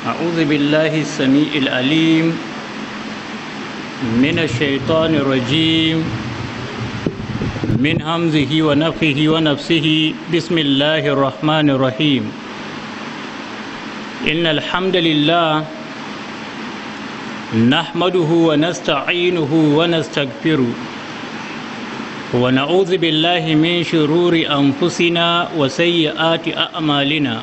أعوذ بالله السميع العليم من الشيطان الرجيم من همزه ونفخه ونفسه بسم الله الرحمن الرحيم إن الحمد لله نحمده ونستعينه ونستغفره ونعوذ بالله من شرور أنفسنا وسيئات أعمالنا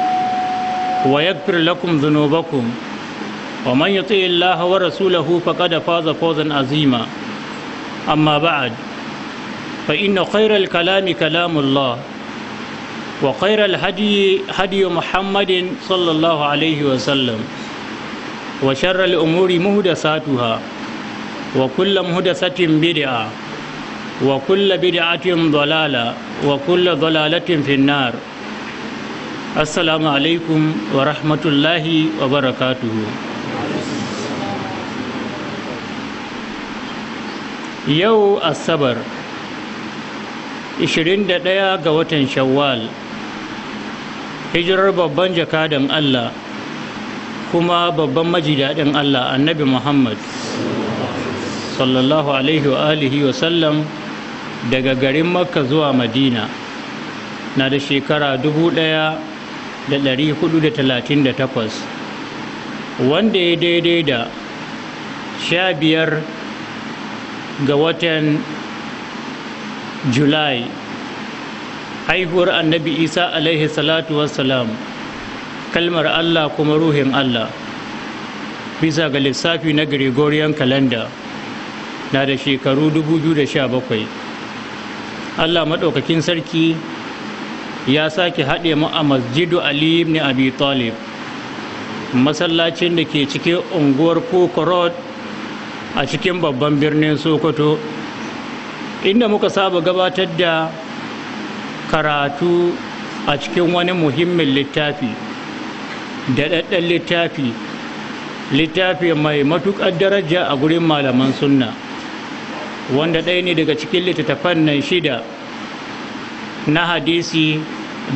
ويغفر لكم ذنوبكم ومن يطيع الله ورسوله فقد فاز فوزا عظيما أما بعد فإن خير الكلام كلام الله وخير الهدي هدي محمد صلى الله عليه وسلم وشر الأمور مهدساتها وكل مهدسة بدعة وكل بدعة ضلالة وكل ضلالة في النار assalamu alaikum wa rahmatullahi wa barakatuhu yau asabar 21 ga watan shawwal hijirar babban jakadan allah kuma babban majidadin allah annabi muhammad sallallahu alaihi wa alihi wa sallam daga garin makka zuwa madina na da shekara dubu ɗaya. da ɗari hudu da talatin da takwas wanda ya daidai da sha biyar ga watan julai haihuwar annabi isa alaihi salatu wassalam kalmar allah kuma ruhin allah bisa ga lissafi na gregorian calendar na da shekaru 2017 allah maɗaukakin sarki ya sake haɗe mu a masjidu ali ibn abi talib masallacin da ke cikin unguwar koko a cikin babban birnin sokoto inda muka saba gabatar da karatu a cikin wani muhimmin littafi daɗaɗɗen littafi littafi mai matuƙar daraja a gurin malaman sunna wanda ɗaya ne daga cikin littattafan nan shida na hadisi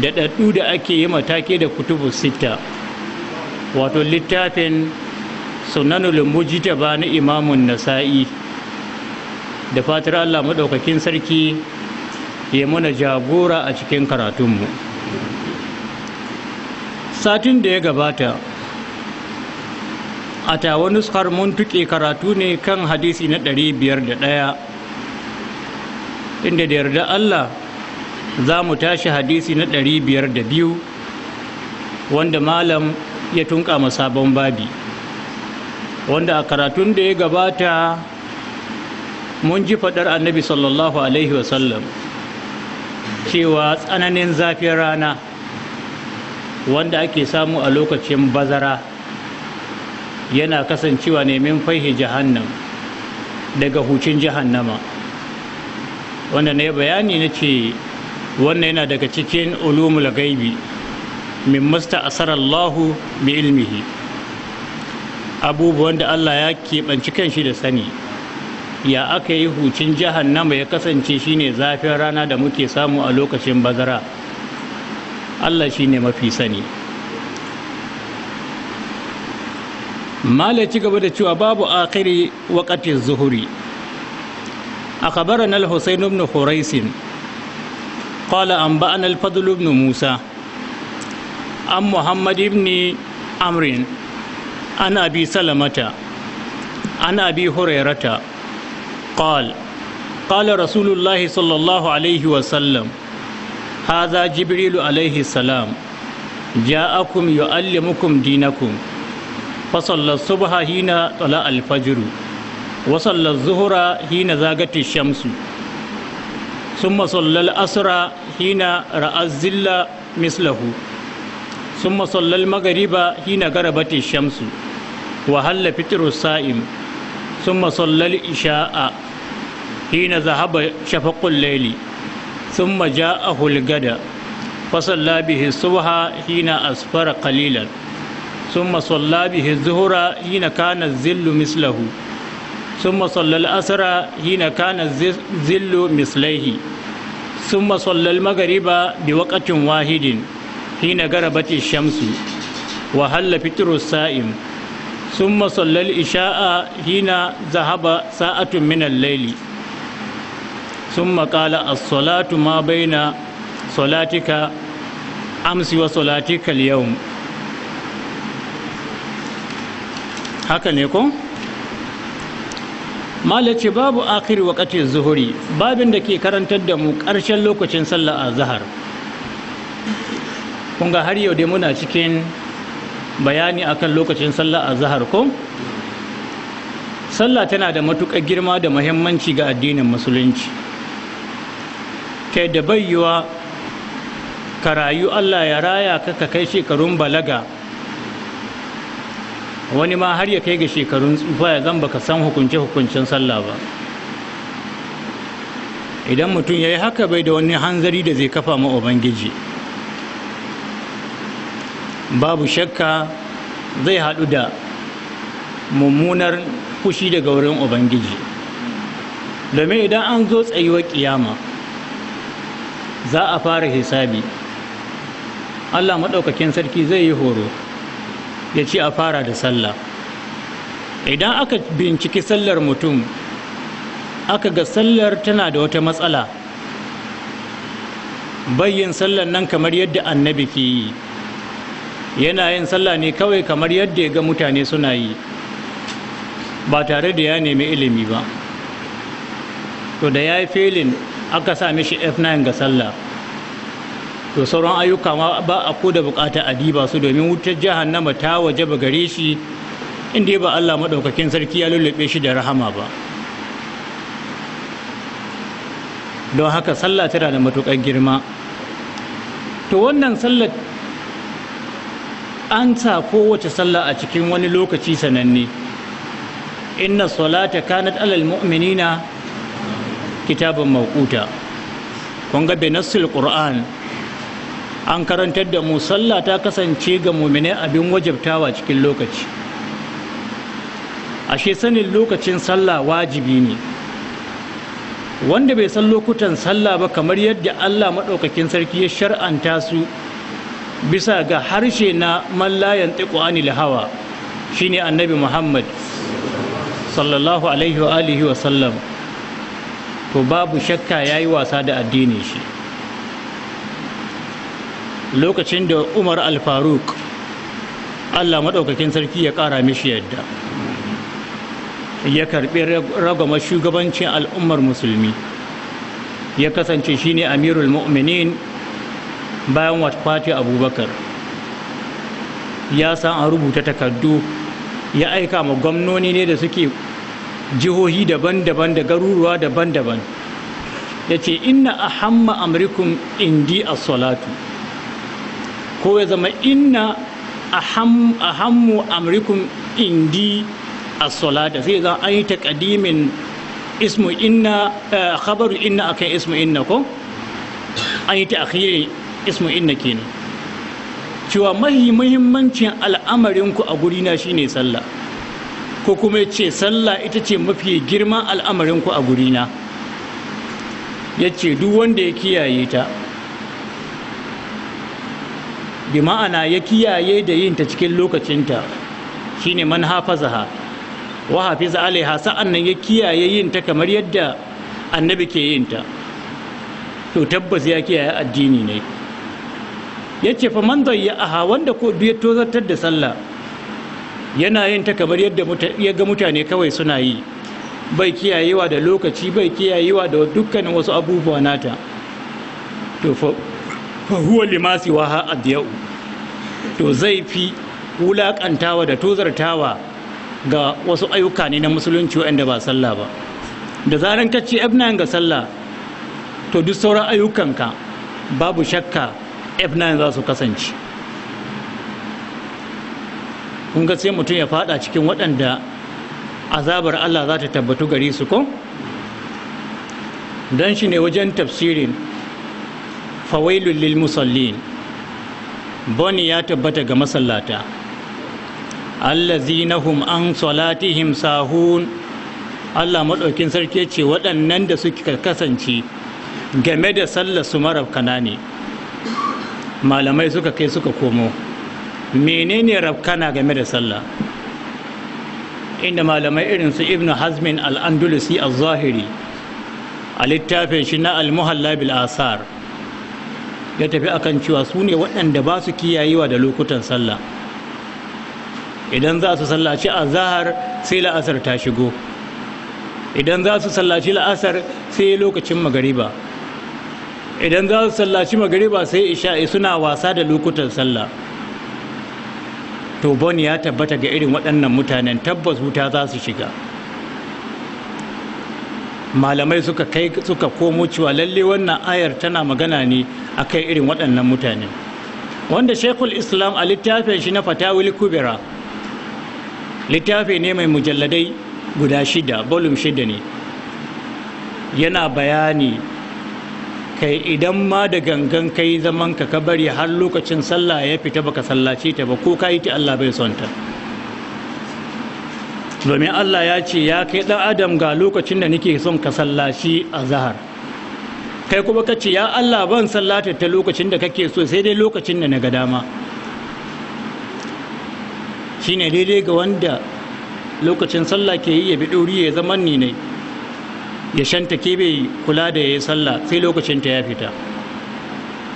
da ɗaɗɗu da ake yi matake da kutubu sita wato littafin sunanul ba na imamun nasa'i da fatar allah maɗaukakin sarki ya mana jagora a cikin karatunmu satin da ya gabata a tawa nuskar mun tuke karatu ne kan hadisi na 501 inda da yarda allah za mu tashi hadisi na ɗari biyar da biyu wanda malam ya tunka sabon babi wanda a karatun da ya gabata mun ji faɗar annabi sallallahu alaihi wasallam cewa tsananin zafin rana wanda ake samu a lokacin bazara yana kasancewa neman faihi jahannam daga hucin jahannama wanda na bayani na ce wannan yana daga cikin ulumul gaibi min masta asarallahu bi ilmihi abubuwan da Allah ya keɓanci kan shi da sani ya aka yi hucin jahannama ya kasance shine zafin rana da muke samu a lokacin bazara Allah shine mafi sani mala ci gaba da cewa babu akiri wakatin zuhuri a kabarar al-husain ibn قال أنبأنا الفضل بن موسى عن محمد بن عمرو عن أبي سلمة عن أبي هريرة قال قال رسول الله صلى الله عليه وسلم هذا جبريل عليه السلام جاءكم يعلمكم دينكم فصلى الصبح حين طلع الفجر وصلى الظهر حين زاغت الشمس ثم صلى الأسرى حين رأى الزل مثله ثم صلى المغرب حين غربت الشمس وهل فطر الصائم ثم صلى الإشاء حين ذهب شفق الليل ثم جاءه الغد فصلى به الصبح حين أسفر قليلا ثم صلى به الظهر حين كان الزل مثله ثم صلى الأسر حين كان الظل مثليه ثم صلى المغرب بوقت واحد حين غربت الشمس وهل فطر السائم ثم صلى الإشاء حين ذهب ساعة من الليل ثم قال الصلاة ما بين صلاتك أمس وصلاتك اليوم هكذا نكون malace babu akhir waqati zuhuri babin da ke karantar da mu ƙarshen lokacin sallah azhar kun ga har yau dai muna cikin bayani akan lokacin sallah azhar ko sallah tana da matuƙar girma da muhimmanci ga addinin musulunci ta da bayyuwa ka rayu Allah ya raya ka kai shekarun balaga wani ma har ya kai ga shekarun tsufa ya zan baka san hukunce hukuncen sallah ba idan mutum ya yi haka bai da wani hanzari da zai kafa ma ubangiji babu shakka zai haɗu da mummunar fushi daga wurin ubangiji domin idan an zo tsayuwar kiyama za a fara hisabi allah maɗaukakin sarki zai yi horo ya ce a fara da sallah idan aka binciki sallar mutum aka ga sallar tana da wata matsala bayyin sallar nan kamar yadda annabi ke yi yana yin sallah ne kawai kamar yadda ya ga mutane suna yi ba tare da ya nemi ilimi ba to da ya yi felin aka sa mishi f9 ga sallah to sauran ayyuka ma ba a ko da bukata a diba su domin wutar jahannama ta waje ba gare shi inda ba Allah maɗaukakin sarki ya lullube shi da rahama ba don haka sallah tana da matuƙar girma to wannan sallar an sa kowace sallah a cikin wani lokaci sananne inna salata kanat alal mu'minina kitaban mawquta kun ga binasul qur'an an karantar da mu sallah ta kasance ga muminai abin wajabtawa cikin lokaci ashe sanin lokacin sallah wajibi ne wanda bai san lokutan sallah ba kamar yadda Allah maɗaukakin sarki ya shar'anta su bisa ga harshe na mallayan tiƙwani lahawa shine annabi Muhammad sallallahu alaihi wa wa sallam to babu shakka yayi wasa da addinin shi lokacin da umar al allah maɗaukakin sarki ya ƙara mishi yadda ya karɓi ragama shugabancin al'ummar musulmi ya kasance shine amirul mu'minin bayan watfati abubakar ya san an rubuta takardu ya aika ma gwamnoni ne da suke jihohi daban-daban da garuruwa daban-daban ya ce inna a hamma amurikun indi a salatu ko ya zama inna a ahammu Amurikun indi a salata sai zan an yi kadimin ismu inna eh, khabaru inna a kan ismu inna ko an yi ta akhirin ismu inna kenan cewa mahi muhimmancin al'amarin ku a guri na shine sallah ko kuma ce sallah ita ce mafi girman al'amarin ku a guri na ce duk wanda ya kiyaye ta bi ma'ana ya kiyaye da yin ta cikin lokacinta shine man ha wa hafiza alaiha sa'an nan ya kiyaye yin ta kamar yadda annabi ke yin ta to tabbas ya kiyaye addini ne Ya ce fa man zai aha wanda ko ya tozartar da sallah yana yin ta kamar yadda ya ga mutane kawai suna yi bai kiyayewa da lokaci bai kiyayewa da dukkanin wasu abubuwa nata to fa limasi lima siwaha adiyau to zai fi wulaƙantawa da tozartawa ga wasu ayyuka ne na musulunci waɗanda ba sallah ba da zaran ka ce ibnan ga sallah to duk sauran ayyukanka babu shakka ibnan za su kasance kun ga sai mutum ya fada cikin waɗanda azabar Allah za ta tabbatu gare su ko dan shi ne wajen tafsirin fawailul lil musallin boni ya tabbata ga masallata allazina hum an salatihim sahun Allah maɗaukin sarki ce waɗannan da suka kasance game da sallar su marafkana ne malamai suka kai suka komo menene rafkana game da sallah inda malamai irin su ibnu hazmin al-andalusi al zahiri a littafin shi na al-muhalla bil asar ya tafi a kan cewa su ne waɗanda ba su kiyayewa da lokutan sallah idan za su sallaci azahar sai la'asar ta shigo idan za su sallaci la'asar sai lokacin magariba idan za su sallaci magariba sai isha'i suna wasa da lokutan sallah to bon ya tabbata ga irin waɗannan mutanen tabbas wuta za su shiga malamai suka kai suka komo cewa lalle wannan ayar tana magana ne akan irin waɗannan mutane wanda shekul islam a littafin shi na fatawil kubira littafi ne mai mujalladai guda shida bolum shida ne yana bayani kai idan ma da gangan kai zaman ka ka bari har lokacin sallah ya fita baka sallace ta ba ko ka yi ta Allah bai sonta. domin Allah ya ce ya kai ɗan adam ga lokacin da nake son ka sallaci a zahar kai kuma ka ce ya Allah ban sallata ta lokacin da kake so sai dai lokacin da na ga dama ne daidai ga wanda lokacin sallah ke yi ya bi ɗori ya zama ni ne ya shanta ke bai kula da ya yi sallah sai lokacin ta ya fita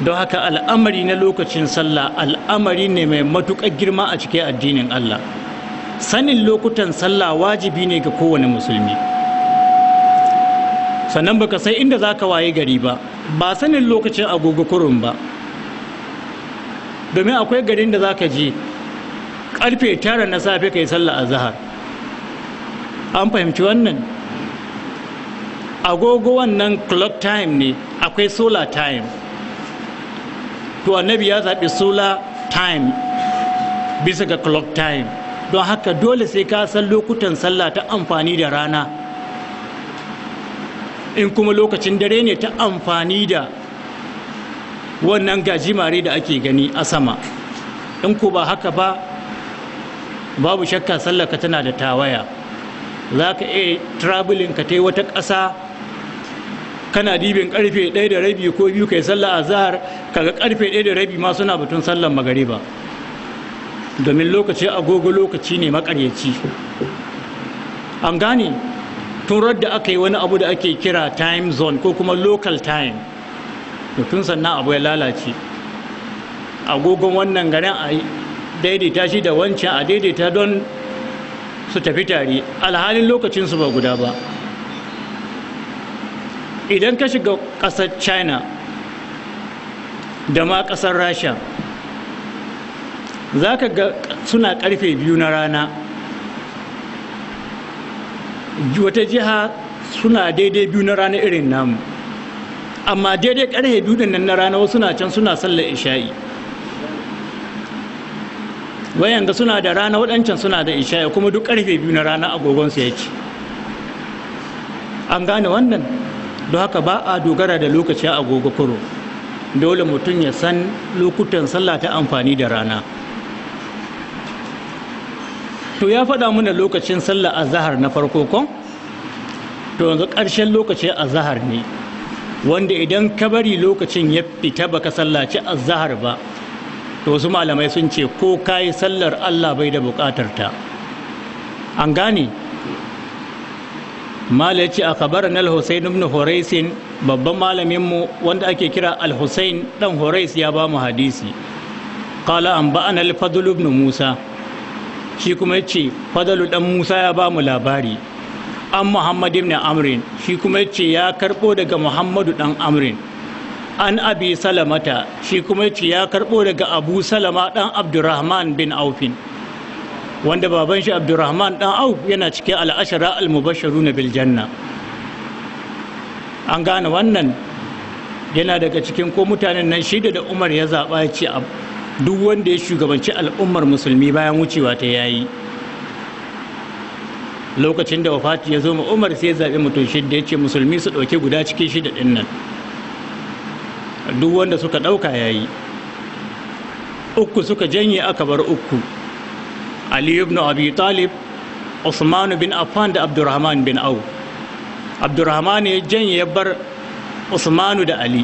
don haka al'amari na lokacin sallah al'amari ne mai matuƙar girma a cikin addinin Allah sanin lokutan sallah wajibi ne ga kowane musulmi sannan baka sai inda za ka waye gari ba ba sanin lokacin agogo kurun ba domin akwai garin da za ka je karfe tara na safe ka yi sallah a zahar an fahimci wannan agogo wannan clock time ne akwai solar time to annabi ya zaɓi solar time bisa ga clock time don haka dole sai ka san lokutan sallah ta amfani da rana in kuma lokacin dare ne ta amfani da wannan gajimare da ake gani a sama in ko ba haka ba babu shakka sallaka tana da tawaya za ka iya traveling ka tai wata ƙasa kana dibin karfe ɗaya da rabi ko biyu kai sallah a zahar kaga karfe ɗaya da rabi ma suna batun sallar magariba domin lokaci agogo lokaci ne makaryaci an gane tun da aka yi wani abu da ake kira time zone ko kuma local time tun sannan abu ya lalace agogon wannan garin a daidaita shi da wancan a daidaita don su tafi tare alhalin lokacinsu ba guda ba idan ka shiga ƙasar china da ma ƙasar rasha za ka ga suna karfe biyu na rana wata jiha suna daidai biyu na rana irin namu amma daidai karfe biyu da nan na rana wasu na can suna sallar isha'i wayan da suna da rana waɗancan suna da isha'i kuma duk karfe biyu na rana agogonsu ya ce an gane wannan don haka ba a dogara da lokaci a agogo kuro dole mutum ya san lokutan sallah ta amfani da rana to ya faɗa mana lokacin sallah azahar na farko kon to yanzu ƙarshen lokaci azahar ne wanda idan ka bari lokacin ya fita baka sallaci azahar ba to wasu malamai sun ce ko ka yi sallar Allah bai da buƙatar ta an gane mala ya ce a kabarin na husain ibn horaisin babban malaminmu wanda ake kira alhussain ɗan dan horais ya ba mu hadisi qala an ba'an alfadul ibn musa shi kuma ya ce fadalu dan musa ya ba mu labari an muhammad ibn amrin shi kuma ya ce ya karɓo daga muhammadu dan amrin an abi salamata shi kuma ya ce ya karɓo daga abu salama dan abdurrahman bin aufin wanda baban shi abdurrahman dan auf yana cikin al'ashara al-mubasharu na biljanna an gane wannan yana daga cikin ko mutanen nan shida da umar ya zaɓa ya ce duk wanda ya shugabanci al'ummar musulmi bayan wucewa ta yayi lokacin da wafati ya zo ma umar sai ya zaɓi mutum shidda ya ce musulmi su ɗauki guda cikin shida ɗin nan duk wanda suka ɗauka ya yi uku suka janye aka bar uku ali ibn abi talib usman bin affan da abdurrahman bin au abdurrahman ya janye ya bar usmanu da ali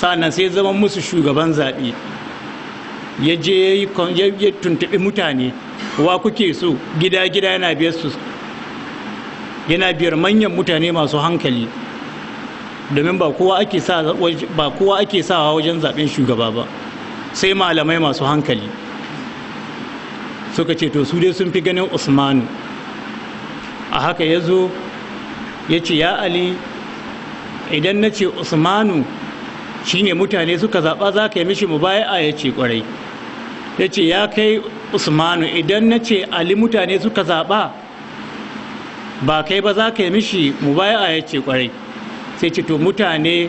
sannan sai zama musu shugaban zaɓe ya je ya tuntuɓi mutane wa kuke so gida gida yana biyar su yana biyar manyan mutane masu hankali domin ba kowa ake sa sawa wajen zaɓen shugaba ba sai malamai masu hankali suka ce to su dai sun fi ganin usmanu a haka ya zo ya ce ya ali idan na ce usmanu shine mutane suka zaɓa za ka yi mishi A ya ce ƙwarai ya ce ya kai usmanu idan na ce ali mutane suka zaɓa ba kai ba za ka yi mishi mubaya ya ce kwarai sai ce to mutane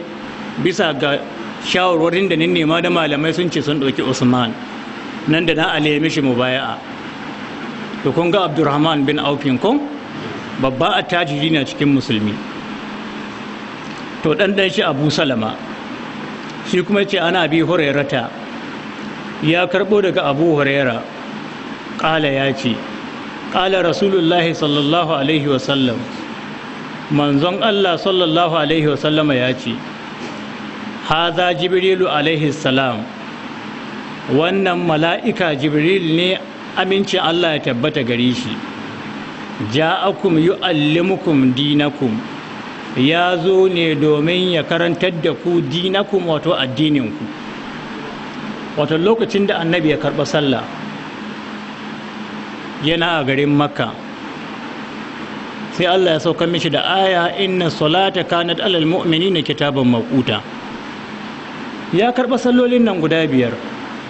bisa ga shawarwarin da nin nema da malamai sun ce sun ɗauki usman nan da na ali ya mishi mubaya'a to kun ga abdurrahman bin aufin kun babba tajiri na cikin musulmi to ɗan ɗan shi abu salama shi kuma ce ana bi hurairata ya karɓo daga abu huraira ƙala ya ce ƙala rasulullahi sallallahu alaihi wasallam manzon allah sallallahu alaihi wasallama ya ce haza jibrilu alaihi salam wannan mala'ika jibril ne amincin allah ya tabbata gare shi Ja ja'akum yu'allimukum dinakum ya zo ne domin ya karantar da ku dinakum wato addininku wato lokacin da annabi ya karɓa sallah yana a garin makka sai allah ya sauka mishi da aya inna salata kanat alal mu'minina kitaban makuta ya karɓa sallolin nan guda biyar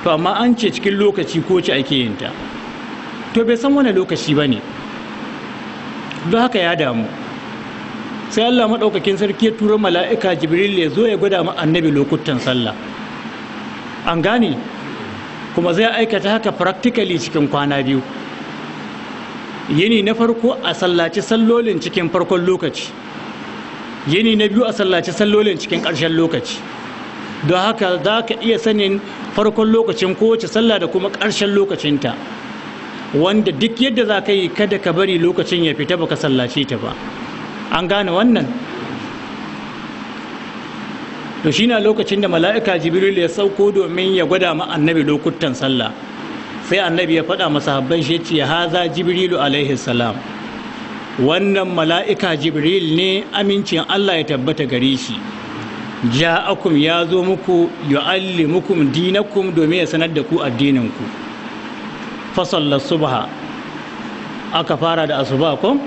to amma an ce cikin lokaci ko ci ake yin ta to bai san wani lokaci ba ne don haka ya damu sai allah maɗaukakin sarki ya tura mala'ika jibril ya zo ya gwada ma annabi lokutan sallah an gane kuma zai aikata haka practically cikin kwana biyu yini na farko a sallaci sallolin cikin farkon lokaci yini na biyu a sallaci sallolin cikin ƙarshen lokaci don haka za ka iya sanin farkon lokacin kowace sallah da kuma ƙarshen lokacinta wanda duk yadda za ka yi kada ka bari lokacin ya fita baka sallaci ta ba an gane wannan to na lokacin da mala'ika jibril ya sauko domin ya gwada ma annabi lokutan sallah sai annabi ya faɗa masahabban shi ce haza jibrilu alaihi salam wannan mala'ika jibril ne amincin Allah ya tabbata gare shi Ja ja'akum ya zo muku yu'allimukum dinakum domin ya sanar da ku addinin addininku fasallar subha aka fara da asuba ko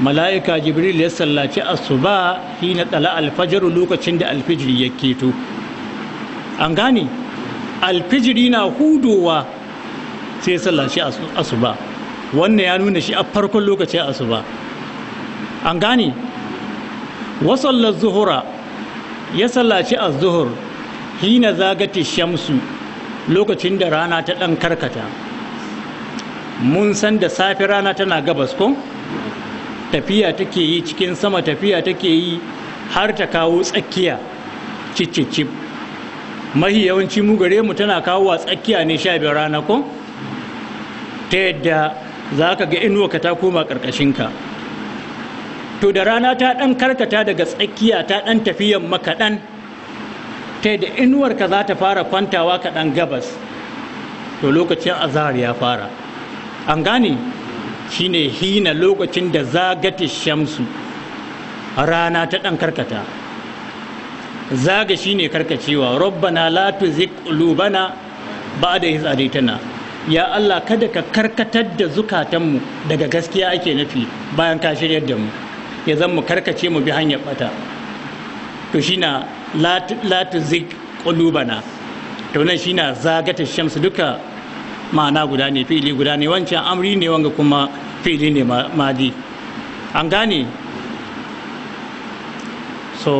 mala'ika jibril ya sallaci asuba hina tsala alfajar lokacin da alfijiri ya keto an gane alfijiri na hudowa sai sallaci asuba wannan ya nuna shi a farkon lokacin asuba an gane wasallar zuhura ya sallaci azuhur hina zagati shamsu lokacin da rana ta ɗan karkata mun san da safe rana tana gabas ko? tafiya take yi cikin sama tafiya take yi har ta kawo tsakiya cicicip mahi yawanci mu gare mu tana kawo wa tsakiya ne sha biyar rana ko ta yadda za ka ga inuwa ka ta koma ka. to da rana ta ɗan karkata daga tsakiya ta ɗan tafiyan makaɗan ta yadda inuwar ka za ta fara kwantawa kaɗan gabas to lokacin azahar ya fara an gane shine hina lokacin da zagati shamsu rana ta ɗan karkata zaga shine karkacewa rabbana la tuzigh qulubana ba'da idh hadaytana ya Allah kada ka karkatar da zukatanmu daga gaskiya ake nufi bayan ka shiryar da mu ya zan mu karkace mu bi hanyar bata to shi na latu zik to nan shi na zagata shamsu duka ma'ana guda ne fili guda ne wancan amri ne wanga kuma fili ne madi an gane so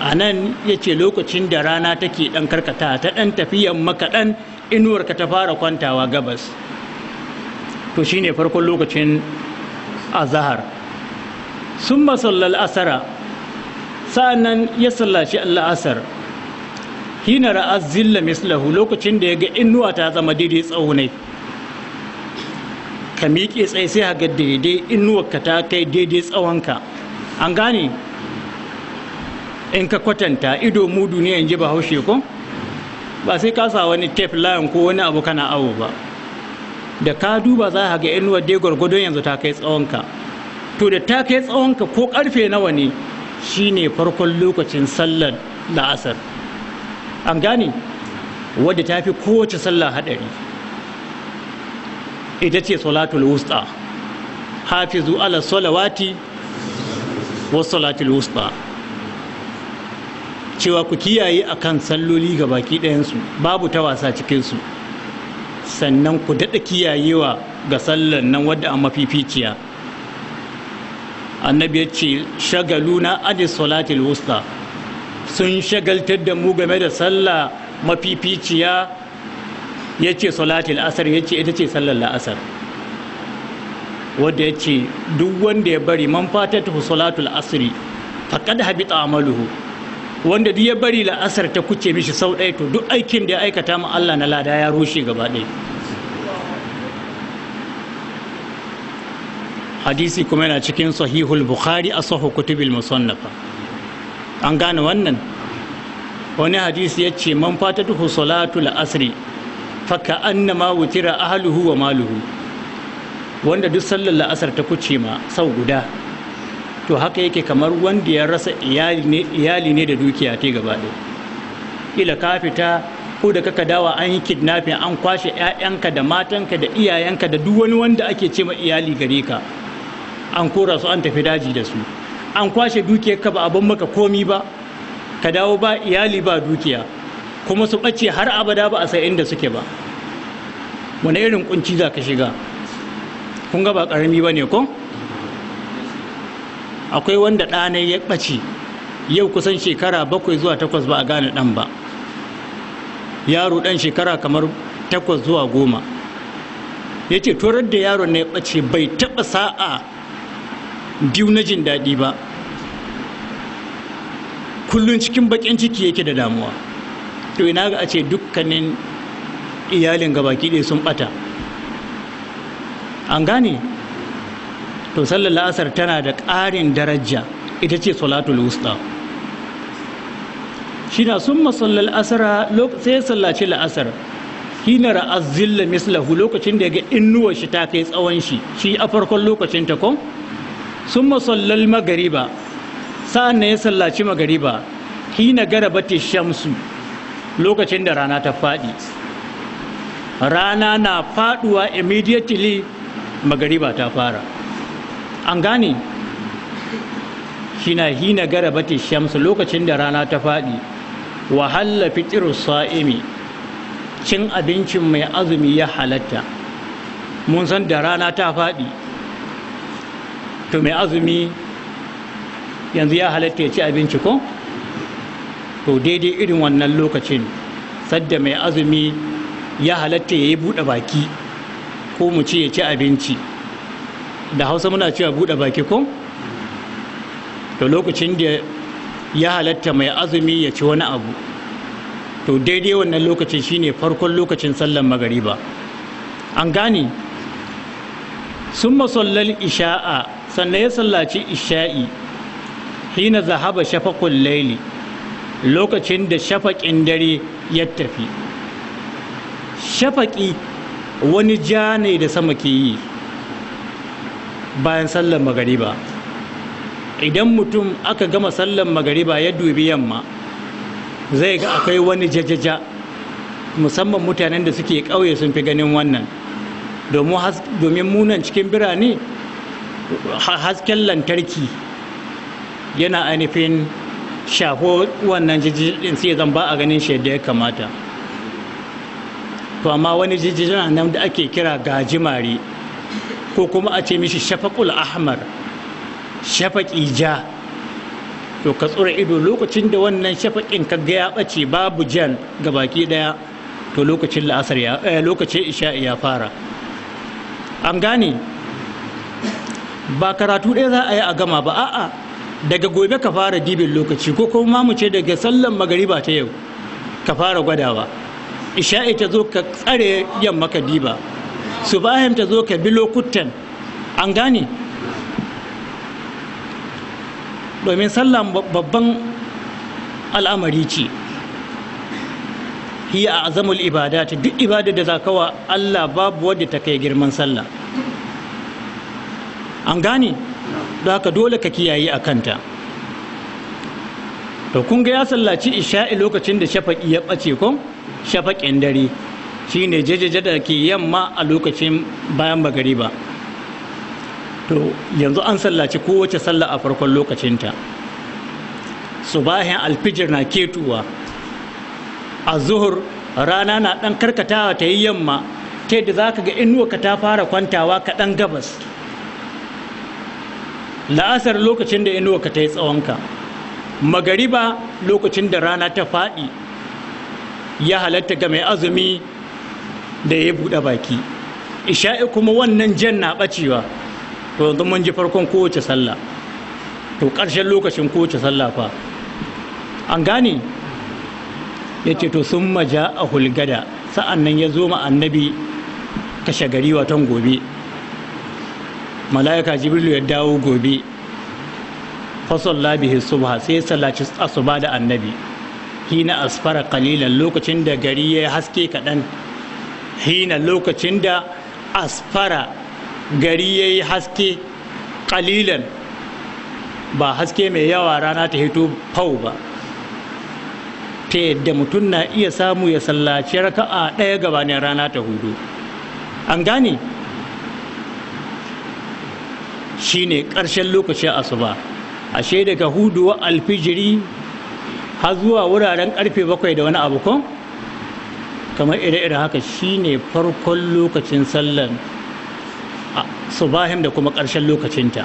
a nan ya lokacin da rana take ɗan karkata ta ɗan tafiyan makaɗan ka ta fara kwantawa gabas to shine farkon lokacin azahar sun masallar asara sa'annan ya sallaci al'asar hina ra'az zilla mislahu lokacin da ya ga inuwa ta zama daidai tsawo ne ka miƙe tsaye sai ga daidai ka ta kai daidai tsawonka an gane in ka kwatanta ido mu duniya yanzu ba haushe ko ba sai ka sa wani tef lion ko wani abu kana awo ba da ka duba za ga inuwar dai gwargwadon yanzu ta kai tsawonka to da ta kai tsawonka ko karfe nawa ne shine farkon lokacin sallar la'asar an gane wadda ta fi kowace sallah haɗari ita ce salatul wusta hafizu ala salawati wa salatul wusta cewa ku kiyaye akan salloli ga baki ɗayansu babu ta wasa cikinsu sannan ku daɗa kiyayewa ga sallan nan wadda a mafificiya annabi ya ce shagaluna adis salatul wusta sun shagaltar da mu game da sallah mafificiya ya ce salatul asar ya ce ita ce sallar la'asar wadda ya ce duk wanda ya bari man fata ta salatul asri faƙad habita amaluhu wanda duk ya bari la'asar ta kuce mishi sau ɗaya to duk aikin da ya aikata ma Allah na lada ya rushe gaba ɗaya hadisi kuma yana cikin sahihul bukhari a sahu kutubil musannafa an gane wannan wani hadisi ya ce man fata tuhu salatu la'asri faka annama wutira ahaluhu wa maluhu wanda duk sallar la'asar ta kuce ma sau guda to haka yake kamar wanda ya rasa iyali ne da dukiya ta gaba ila ka fita ko da kaka dawa an yi kidnapping an kwashe 'ya'yanka da matanka da iyayenka da duk wani wanda ake ce ma iyali gare ka an kora su an tafi daji da su an kwashe ka ba abin maka komi ba ka dawo ba iyali ba dukiya kuma su ɓace har abada ba a sai inda suke ba wani irin kunci za ka shiga kun ga ba ƙarami ba ne ko akwai wanda ɗana ya ɓace yau kusan shekara bakwai zuwa takwas ba a gane ɗan ba yaro ɗan shekara kamar takwas zuwa goma ya ce turar da yaron na ya ɓace bai taɓa sa'a biyu na jin daɗi ba kullum cikin baƙin ciki yake da damuwa to ina ga a ce dukkanin iyalin gabaki ɗaya sun ɓata an gane to sallar la'asar tana da ƙarin daraja ita ce salatul wusta shi na sun masallar asara sai ya sallaci la'asar hina Lamis mislahu lokacin da ya ga innuwar shi ta kai tsawon shi shi a farkon lokacin ta ko sun masallal magariba sa'an na ya sallaci magariba hina bata shamsu lokacin da rana ta faɗi rana na faɗuwa immediately magariba ta fara an gane shina hina garabati shamsu lokacin da rana ta faɗi wahalla fitiru sa'imi cin abincin mai azumi ya halatta mun san da rana ta faɗi to mai azumi yanzu ya halatta ya ci abinci ko to daidai irin wannan lokacin sadda mai azumi ya halatta ya yi buɗe baki ko mu ce ya ci abinci da hausa muna cewa buɗe baki ko to lokacin da ya halatta mai azumi ya ci wani abu to daidai wannan lokacin shine farkon lokacin sallan magariba an gane sun masallar isha'a sannan ya sallaci isha'i hina zahaba shafaqul laili lokacin da shafaƙin dare ya tafi shafaƙi wani ja ne da sama ke yi bayan sallar magariba idan mutum aka gama sallar magariba ya dubi yamma zai ga akwai wani jajaja musamman mutanen da suke ƙauye sun fi ganin wannan domin munan cikin birane hasken lantarki yana ainihin shafo wannan jijin sai zan ba a ganin shi da ya kamata to amma wani jijin nan da ake kira gajimare ko kuma a ce mishi shafaƙul ahmar shafaƙi ja to ka tsura ido lokacin da wannan shafaƙin ka ga ya bace babu jan ga baki ɗaya to lokacin la'asar ya eh, lokacin isha ya fara an gane ba karatu ɗaya za a yi a gama ba a'a daga gobe ka fara dibin lokaci ko kuma mu ce daga sallan magariba ta yau ka fara gwadawa isha'i ta zo ka tsare yamma ka diba su bayan ta zo ka bi lokutan an gane domin sallan babban al'amari ce hiya a azamul ibada ta duk ibada da zakawa Allah babu wadda ta kai girman sallah an gane da ka dole ka kiyaye a kanta to kun ga ya sallaci isha'i lokacin da shafaƙi ya ɓace ko shafaƙin dare shine jejeje da ke yamma a lokacin bayan magariba to yanzu an sallaci kowace sallah a farkon lokacinta subahin alfijir na ketuwa a zuhur rana na ɗan karkatawa ta yi yamma ta yadda za ka ga inuwa ka ta fara kwantawa ka ɗan gabas la'asar lokacin da inuwa ka ta yi tsawonka magariba lokacin da rana ta faɗi ya halatta ga mai azumi da ya buɗe baki isha'i kuma wannan jan na ɓacewa to yanzu mun ji farkon kowace sallah to ƙarshen lokacin kowace sallah fa an gane ya ce to sun maja a hulgada sa'an nan ya zo ma annabi kashe gari watan gobe mala'ika jibrilu ya dawo gobe fasalla bihi subha sai ya sallaci asuba da annabi hina asfara qalilan lokacin da gari ya haske kaɗan hina lokacin da asfara gari ya yi haske ƙalilan ba haske mai yawa rana ta hito fau ba ta yadda mutum na iya samu ya sallaci raka'a ɗaya gabanin rana ta hudu an gane shine ƙarshen lokacin asuba ashe daga wa alfijiri har zuwa wuraren karfe bakwai da wani abu ko kamar ire-ire haka shine farkon lokacin sallan subahim da kuma ƙarshen lokacinta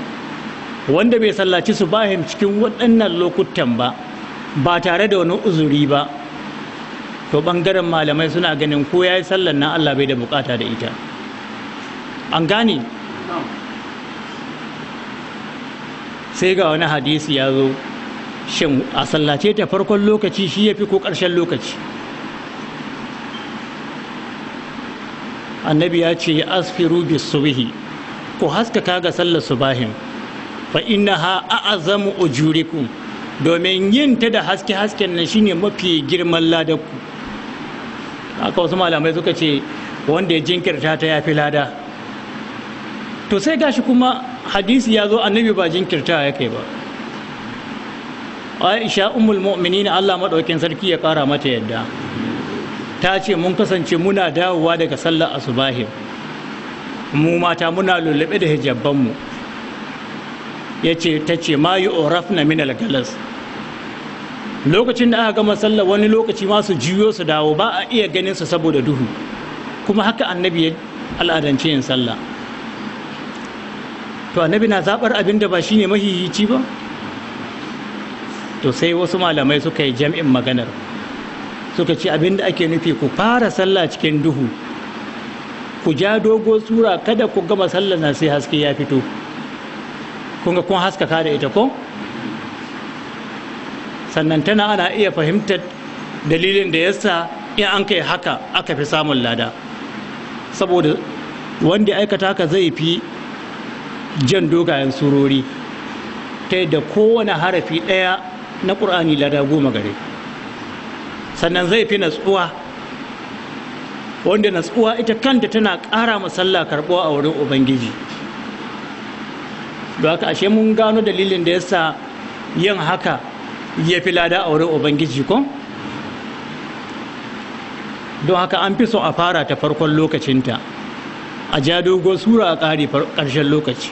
wanda bai sallaci subahim cikin waɗannan lokutan ba ba tare da wani uzuri ba to ɓangaren malamai suna ganin ko ya yi sallan na allah bai da bukata da ita an gane sai ga wani hadisi ya zo shin a sallace ta farkon lokaci shi ya fi ko ƙarshen lokaci annabi ya ce asfiru bis subhi ku haskaka ga sallar subahin fa ha a'azamu ujurikum domin yin ta da haske hasken nan shine mafi girman ladanku haka wasu malamai suka ce wanda ya jinkirta ta yafi lada to sai gashi kuma hadisi ya zo annabi ba jinkirta ya kai ba aisha ummul mu'minin Allah madaukin sarki ya kara mata yadda ta ce mun kasance muna dawowa daga sallar asubahin mu mata muna lullube da hijabbanmu ya ce ta ce ma yi orafna min galas lokacin da aka gama sallar wani lokaci ma su juyo su dawo ba a iya ganin su saboda duhu kuma haka annabi ya al'adance yin sallah to annabi na zabar abin da ba shine mahihici ba to sai wasu malamai suka yi jami'in maganar suka ce abin da ake nufi ku fara sallah cikin duhu ku ja dogo sura kada ku gama sallah na sai haske ya fito kun ga kun haskaka da ita ko sannan tana ana iya fahimtar dalilin da yasa in an kai haka aka fi samun lada saboda wanda aikata haka zai fi jan dogayen surori ta yadda kowane harafi ɗaya na ƙur'ani lada goma gare sannan zai fi natsuwa wanda natsuwa ita kanta tana ƙara masalla karɓuwa a wurin ubangiji ba haka ashe mun gano dalilin da yasa yin haka ya fi lada a wurin ubangiji ko don haka an fi so a fara ta farkon lokacinta a ja dogon sura a ƙare ƙarshen lokaci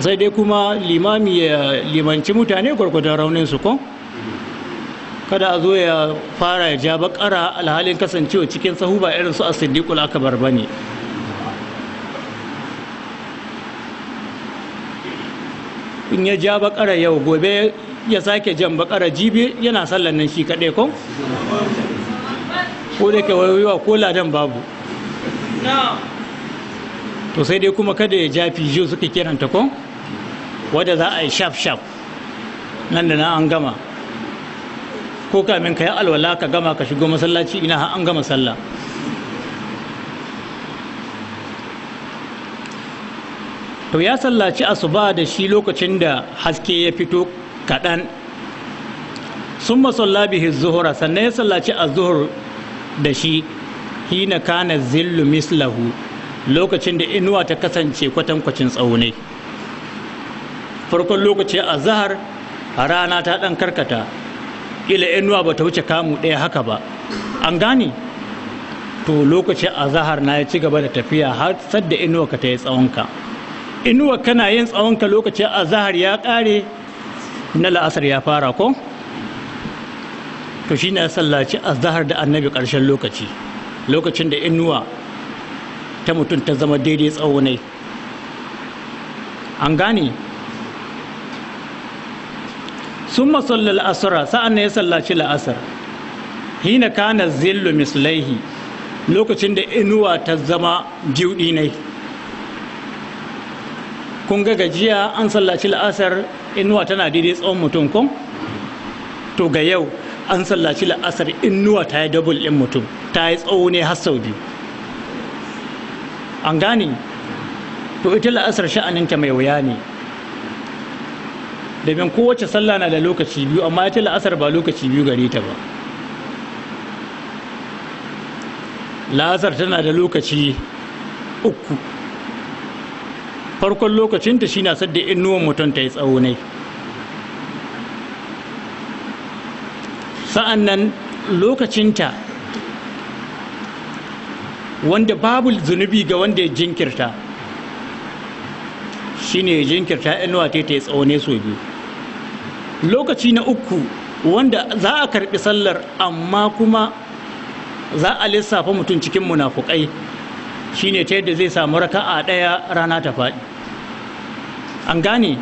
sai dai kuma limami ya limanci mutane gwargwadon raunin su ko kada a zo ya fara ya ja bakara alhalin kasancewa cikin sahu ba irin su a akbar bane in ya ja bakara yau gobe ya sake jan bakara jibi yana sallan nan shi kadai, ko ko da ke wayewa ko ladan babu to sai dai kuma kada ya ja fijiyo suka kiranta ko wadda za a yi shaf shaf nan da na an gama ko kamin ka yi alwala ka gama ka shigo masallaci ina an gama sallah to ya sallaci asuba da shi lokacin da haske ya fito kaɗan sun masalla labihin zuhura sannan ya sallaci a zuhur da shi hina kana zillu mislahu lokacin da inuwa ta kasance kwatankwacin tsawo farkon lokaci a zahar rana ta ɗan karkata ila inuwa ba ta wuce kamu ɗaya haka ba an gane to lokacin a zahar na ya ci gaba da tafiya har sadda inuwa ka ta yi tsawonka inuwa kana yin tsawonka lokacin a zahar ya ƙare na la'asar ya fara ko to shi ne sallaci a zahar da annabi ƙarshen lokaci lokacin da inuwa ta mutum ta zama daidai tsawo ne an gane sun masallar asura sa'an na ya sallaci la'asar hina kana zillu mislaihi lokacin da inuwa ta zama jiuɗi ne kun ga gajiya an sallaci la'asar inuwa tana daidai tsawon mutum kun to ga yau an sallaci la'asar innuwa ta yi dabul ɗin mutum ta yi tsawo ne har sau biyu an gane to ita la'asar sha'aninta mai wuya ne domin kowace sallah na da lokaci biyu amma ita la'asar ba lokaci biyu gare ta ba la'asar tana da lokaci uku farkon lokacinta shi na sadda innuwan mutum ta yi tsawo ne sa'an nan lokacinta wanda babu zunubi ga wanda ya jinkirta shi ya jinkirta inuwa ta ta tsawone biyu lokaci na uku wanda za a karbi sallar amma kuma za a lissafa mutum cikin munafukai shi ne ta yadda zai samu raka a ɗaya rana ta faɗi an gane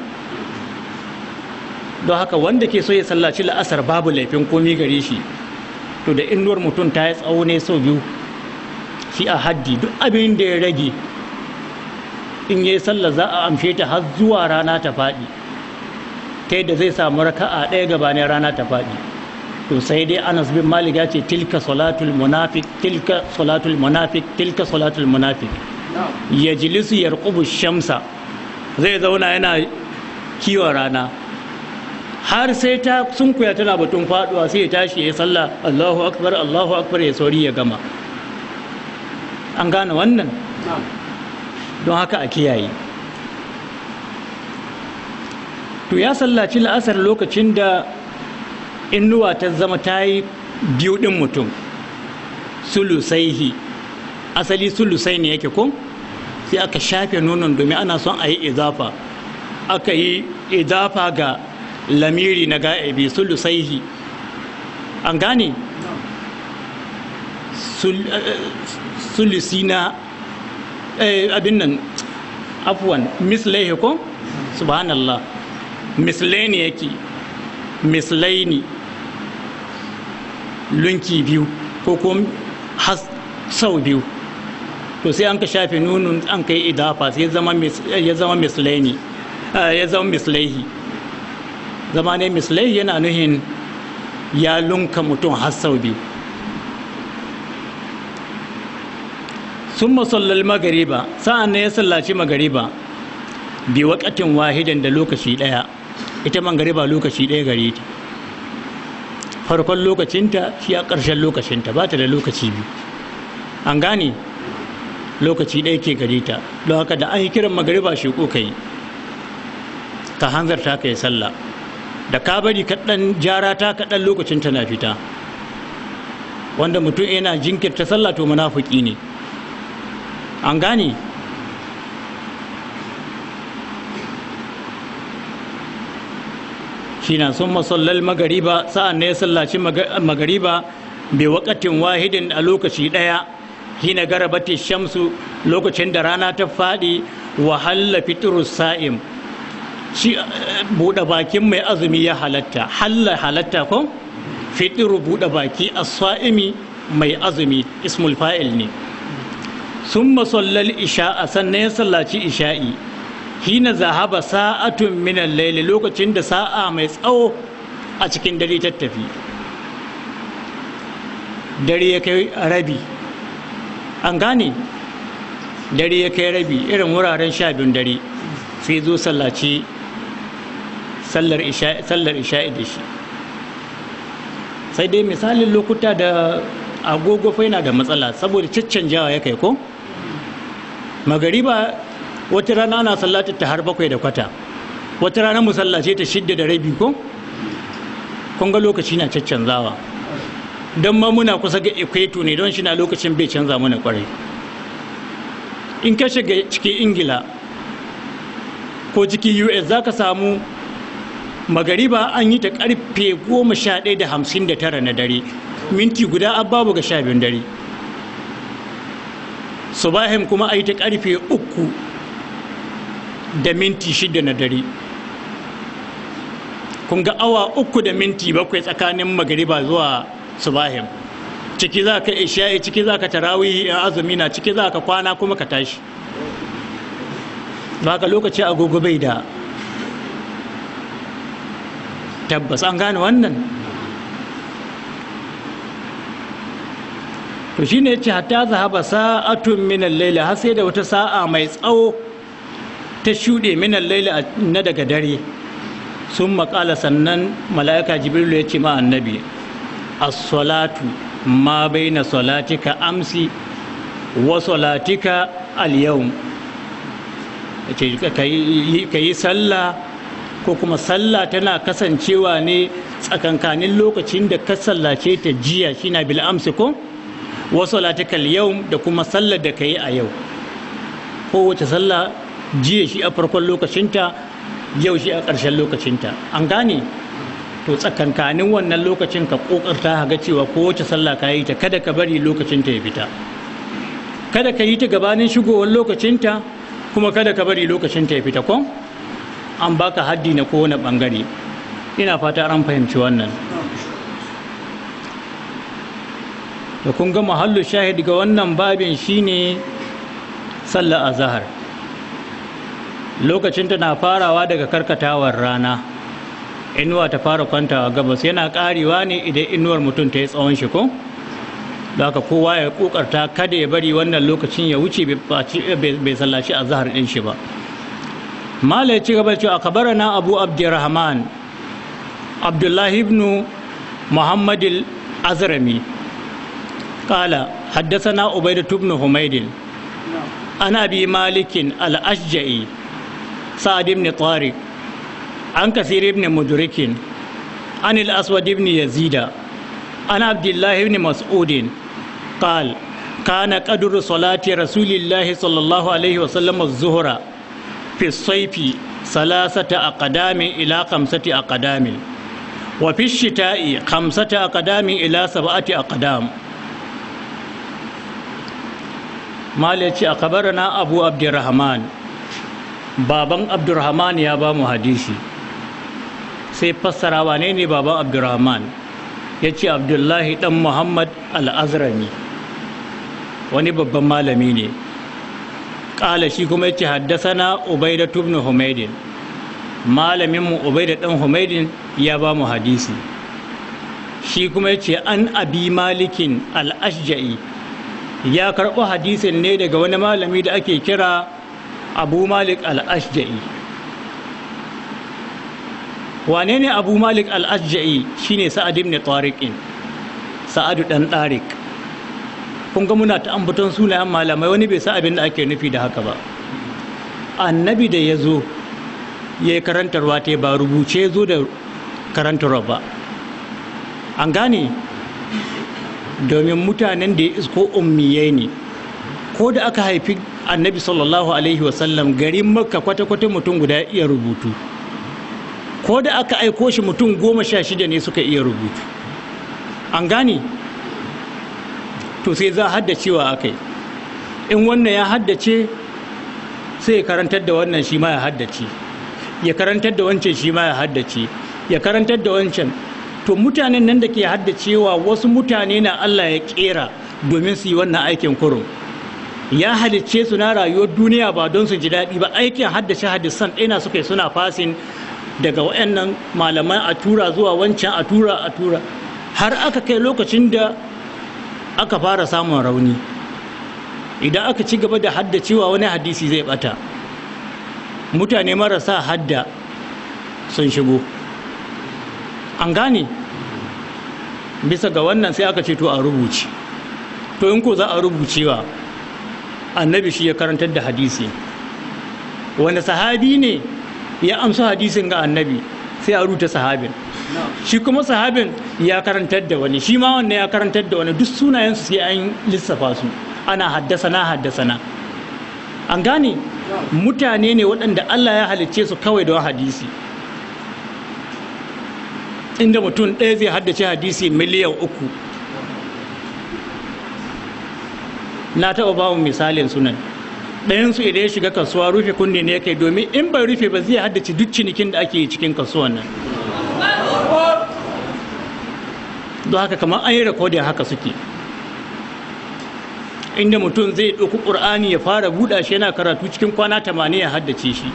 don haka wanda ke so ya sallaci la'asar babu laifin komi gare shi to da inuwar mutum ta yi tsawo ne sau biyu shi a haddi duk abin da ya rage in ya yi sallah za a amshe ta har zuwa rana ta faɗi ta yadda zai samu raka'a ɗaya gabanin rana ta faɗi to sai dai anas bin malik ya ce tilka salatul munafik tilka salatul munafik tilka salatul munafik ya jilisu yarqubu shamsa zai zauna yana kiwon rana har sai ta sunkuya tana batun faduwa sai ya tashi ya sallah Allahu akbar Allahu akbar ya sauri ya gama an gane wannan don haka a kiyaye to ya sallaci la'asar lokacin da innuwa ta zama ta yi biyu ɗin mutum sulusaihi asali sulusai ne yake kun sai aka shafe nonon domin ana son a yi izafa aka yi izafa ga lamiri na ga'ibi sulusaihi an gane eh, eh, sulusi na eh, abin nan afuwan mislaihi ko subhanallah mislaini yake mislaini lunki biyu ko kuma has sau biyu to sai an ka shafe nunun an kai idafa sai ya zama mislaini ya zama mislaihi zama ne mislai yana nuhin ya lunka mutum har sau biyu sun masallal magariba sa'an na ya sallaci magariba bi wakatin wahidan da lokaci ɗaya ita magariba lokaci ɗaya gare ta farkon lokacinta shi a ƙarshen lokacinta ba ta da lokaci biyu an gane lokaci ɗaya ke gare ta don haka da an yi kiran magariba shi ko ka yi ka hanzarta ka yi sallah da ka bari kaɗan jarata kaɗan lokacin na fita wanda mutum yana jinkirta sallah to munafuki ne an gane shi na sun masallal magariba sa'an na ya sallaci magariba bai wakatin wahidin a lokaci ɗaya shi hina gara shamsu lokacin da rana ta faɗi wahalla fitiru sa'im shi eh, buɗe bakin mai azumi ya halatta halla halatta ko fitiru buɗe baki a saimi mai azumi ismul fa'il ne sun masallal isha'a sannan ya sallaci isha'i hina zahaba sa'atun minan laili lokacin da sa'a mai tsawo a cikin dare tattafi dare ya kai rabi an gane dare ya kai rabi irin wuraren sha biyun dare sai zo sallaci sallar isha'i da shi sai dai misalin lokuta da agogo fa yana da matsala saboda caccanjawa ya kai ko magariba wata rana ana sallata ta har bakwai da kwata wata rana musallace ta shidda da rabi ko kun lokaci na zawa. don ma muna kusa ga ekweto ne don shi na lokacin bai canza mana kwarai in ka shiga cikin ingila ko ciki us za ka samu magariba an yi ta karfe goma sha ɗaya da hamsin da tara na dare minti guda ababu ga sha biyun dare subahim kuma a yi ta karfe uku da minti shida na dare kun ga awa uku da minti bakwai tsakanin magariba zuwa subahim ciki za ka isha'i ciki za ka tarawi azumi na ciki za ka kwana kuma ka tashi ba ka lokaci agogo bai da tabbas an gane wannan to shine yace hatta zahaba sa'atun minan al har sai da wata sa'a mai tsawo ta shuɗe minan al na daga dare sun maƙala sannan mala'ika jibrilu ya ce ma annabi as-salatu ma baina salatika amsi wa salatika al-yawm ka yi sallah ko kuma sallah tana kasancewa ne tsakankanin lokacin da ka sallace ta jiya shina bil amsi ko wa salatakal yawm da kuma sallar da kai a yau Ko wace sallah jiya shi a farkon lokacinta yau shi a ƙarshen lokacinta an gane to tsakankanin wannan lokacin ka kokarta ga cewa ko wace sallah ka yi ta kada ka bari lokacinta ya fita kada ka yi ta gabanin shigowar lokacinta kuma kada ka bari lokacinta ya fita ko? an baka haddi na kowane bangare ina fata an fahimci wannan da kun ga mahallu shahid ga wannan babin shine sallar azahar lokacin na farawa daga karkatawar rana inuwa ta fara kwantawa gabas yana karewa ne idan inuwar mutum ta yi tsawon shi ko da kowa ya kokarta kada ya bari wannan lokacin ya wuce bai sallaci azahar din shi ba mala ya ci gaba da cewa kabara na abu abdurrahman abdullahi ibn muhammad azrami kala haddasana ubaida tubnu humaidin an abi malikin al-ashja'i sa'ad ibn an kasir ibn mudrikin an al-aswad ibn yazida an abdullahi ibn mas'udin qala kana qadru salati rasulillahi sallallahu alaihi wa sallam az-zuhra في الصيف ثلاثة أقدام إلى خمسة أقدام وفي الشتاء خمسة أقدام إلى سبعة أقدام مالك أخبرنا أبو عبد الرحمن baban abdurrahman ya bamu mu hadisi sai fassara wane ne baban abdurrahman ya ce abdullahi dan muhammad al wani babban malami ne ƙala shi kuma yace haddasana ubaida ibn humaydin malamin mu ubaida dan humaydin ya ba mu hadisi shi kuma yace an abi malikin al-ashja'i ya karɓo hadisin ne daga wani malami da ake kira abu malik al-ashja'i wane ne abu malik al-ashja'i shine sa'ad ibn sa'adu dan tariq kun ga muna ta ambaton sunayen malamai wani bai sa abin da ake nufi da haka ba annabi da ya zo ya yi karantarwa ta ba rubuce zo da karantarwa ba an gane domin mutanen da ya isko ummiyai ne ko da aka haifi annabi sallallahu alaihi wasallam garin makka kwata-kwata mutum guda iya rubutu ko da aka aiko shi mutum goma sha shida ne suka iya rubutu an gane to sai za haddacewa akai in wannan ya haddace sai ya karantar da wannan shi ma ya haddace ya karantar da wancan shi ma ya haddace ya karantar da wancan to mutanen nan da ke haddacewa wasu mutane na Allah ya kera domin su yi wannan aikin kurum ya halicce su na rayuwar duniya ba don su ji daɗi ba aikin haddace hadisan ɗina suka yi suna fasin daga waɗannan malaman a tura zuwa wancan a tura a tura har aka kai lokacin da aka fara samun rauni idan aka ci gaba da haddacewa wani hadisi zai bata mutane marasa hadda sun shigo an gane bisa ga wannan sai aka ce to a rubuce to in ko za a rubucewa annabi shi ya karantar da hadisi Wani sahabi ne ya amsa hadisin ga annabi sai a rute sahabin shi kuma sahabin ya karantar da wani shi ma wanne ya karantar da wani duk sunayensu sai an lissafa su ana haddasa na haddasa na an gane mutane ne waɗanda Allah ya halicce su kawai da hadisi inda mutum ɗaya zai haddace hadisi miliyan uku na taɓa bawa misalin sunan ɗayan su idan ya shiga kasuwa rufe kunne ne kai domin in bai rufe ba zai haddace duk cinikin da ake cikin kasuwan nan don haka kamar an yi rikodin haka suke inda mutum zai ɗauki ƙur'ani ya fara buɗa shi yana karatu cikin kwana tamanin ya haddace shi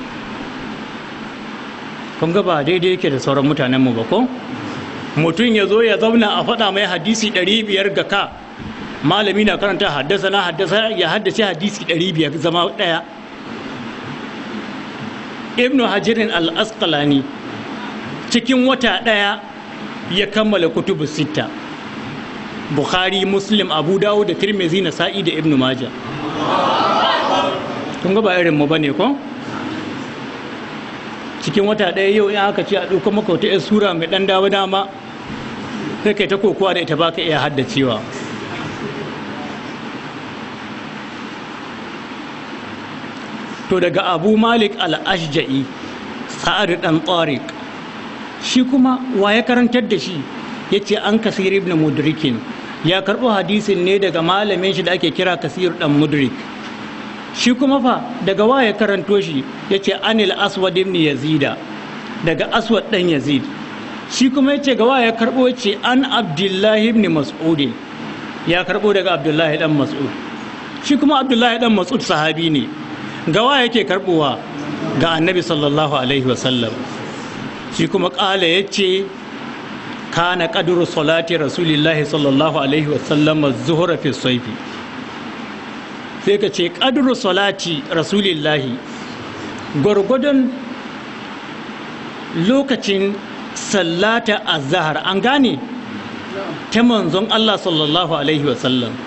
kun ga ba daidai yake da sauran mutanenmu ba ko mutum ya zo ya zauna a faɗa mai hadisi ɗari biyar ga ka malami na karanta haddasa na haddasa ya haddace hadisi ɗari zama ɗaya ibnu hajirin al-asqalani cikin wata ɗaya ya kammala kutubu sita bukhari muslim abu dawo da tirmidhi na sa'i da ibnu maja kun ga ba irin mu bane ko cikin wata ɗaya yau in aka ce a ɗauka makauta ya sura mai ɗan dawa dama sai kai ta kokowa da ita baka iya haddacewa to daga abu malik al-ashja'i sa'ad dan tariq shi kuma wa ya karantar da shi ya ce an kasir ibn mudrikin ya karɓo hadisin ne daga malamin shi da ake kira kasir dan mudrik shi kuma fa daga wa ya karanto shi ya yace anil aswad ibn yazida daga aswad ɗan yazid shi kuma ya ga wa ya ya ce an abdullahi ibn Mas'udi, ya karɓo daga abdullahi ɗan mas'ud shi kuma abdullahi dan mas'ud sahabi ne gawa yake karbowa ga annabi sallallahu alaihi wasallam shi kuma kala ya ce kana kaduru salati rasulillahi sallallahu alaihi wasallam zuhura fi saifi sai ka ce kaduru salati rasulillahi gwargwadon lokacin sallata zahar an gane ta manzon Allah sallallahu alaihi wasallam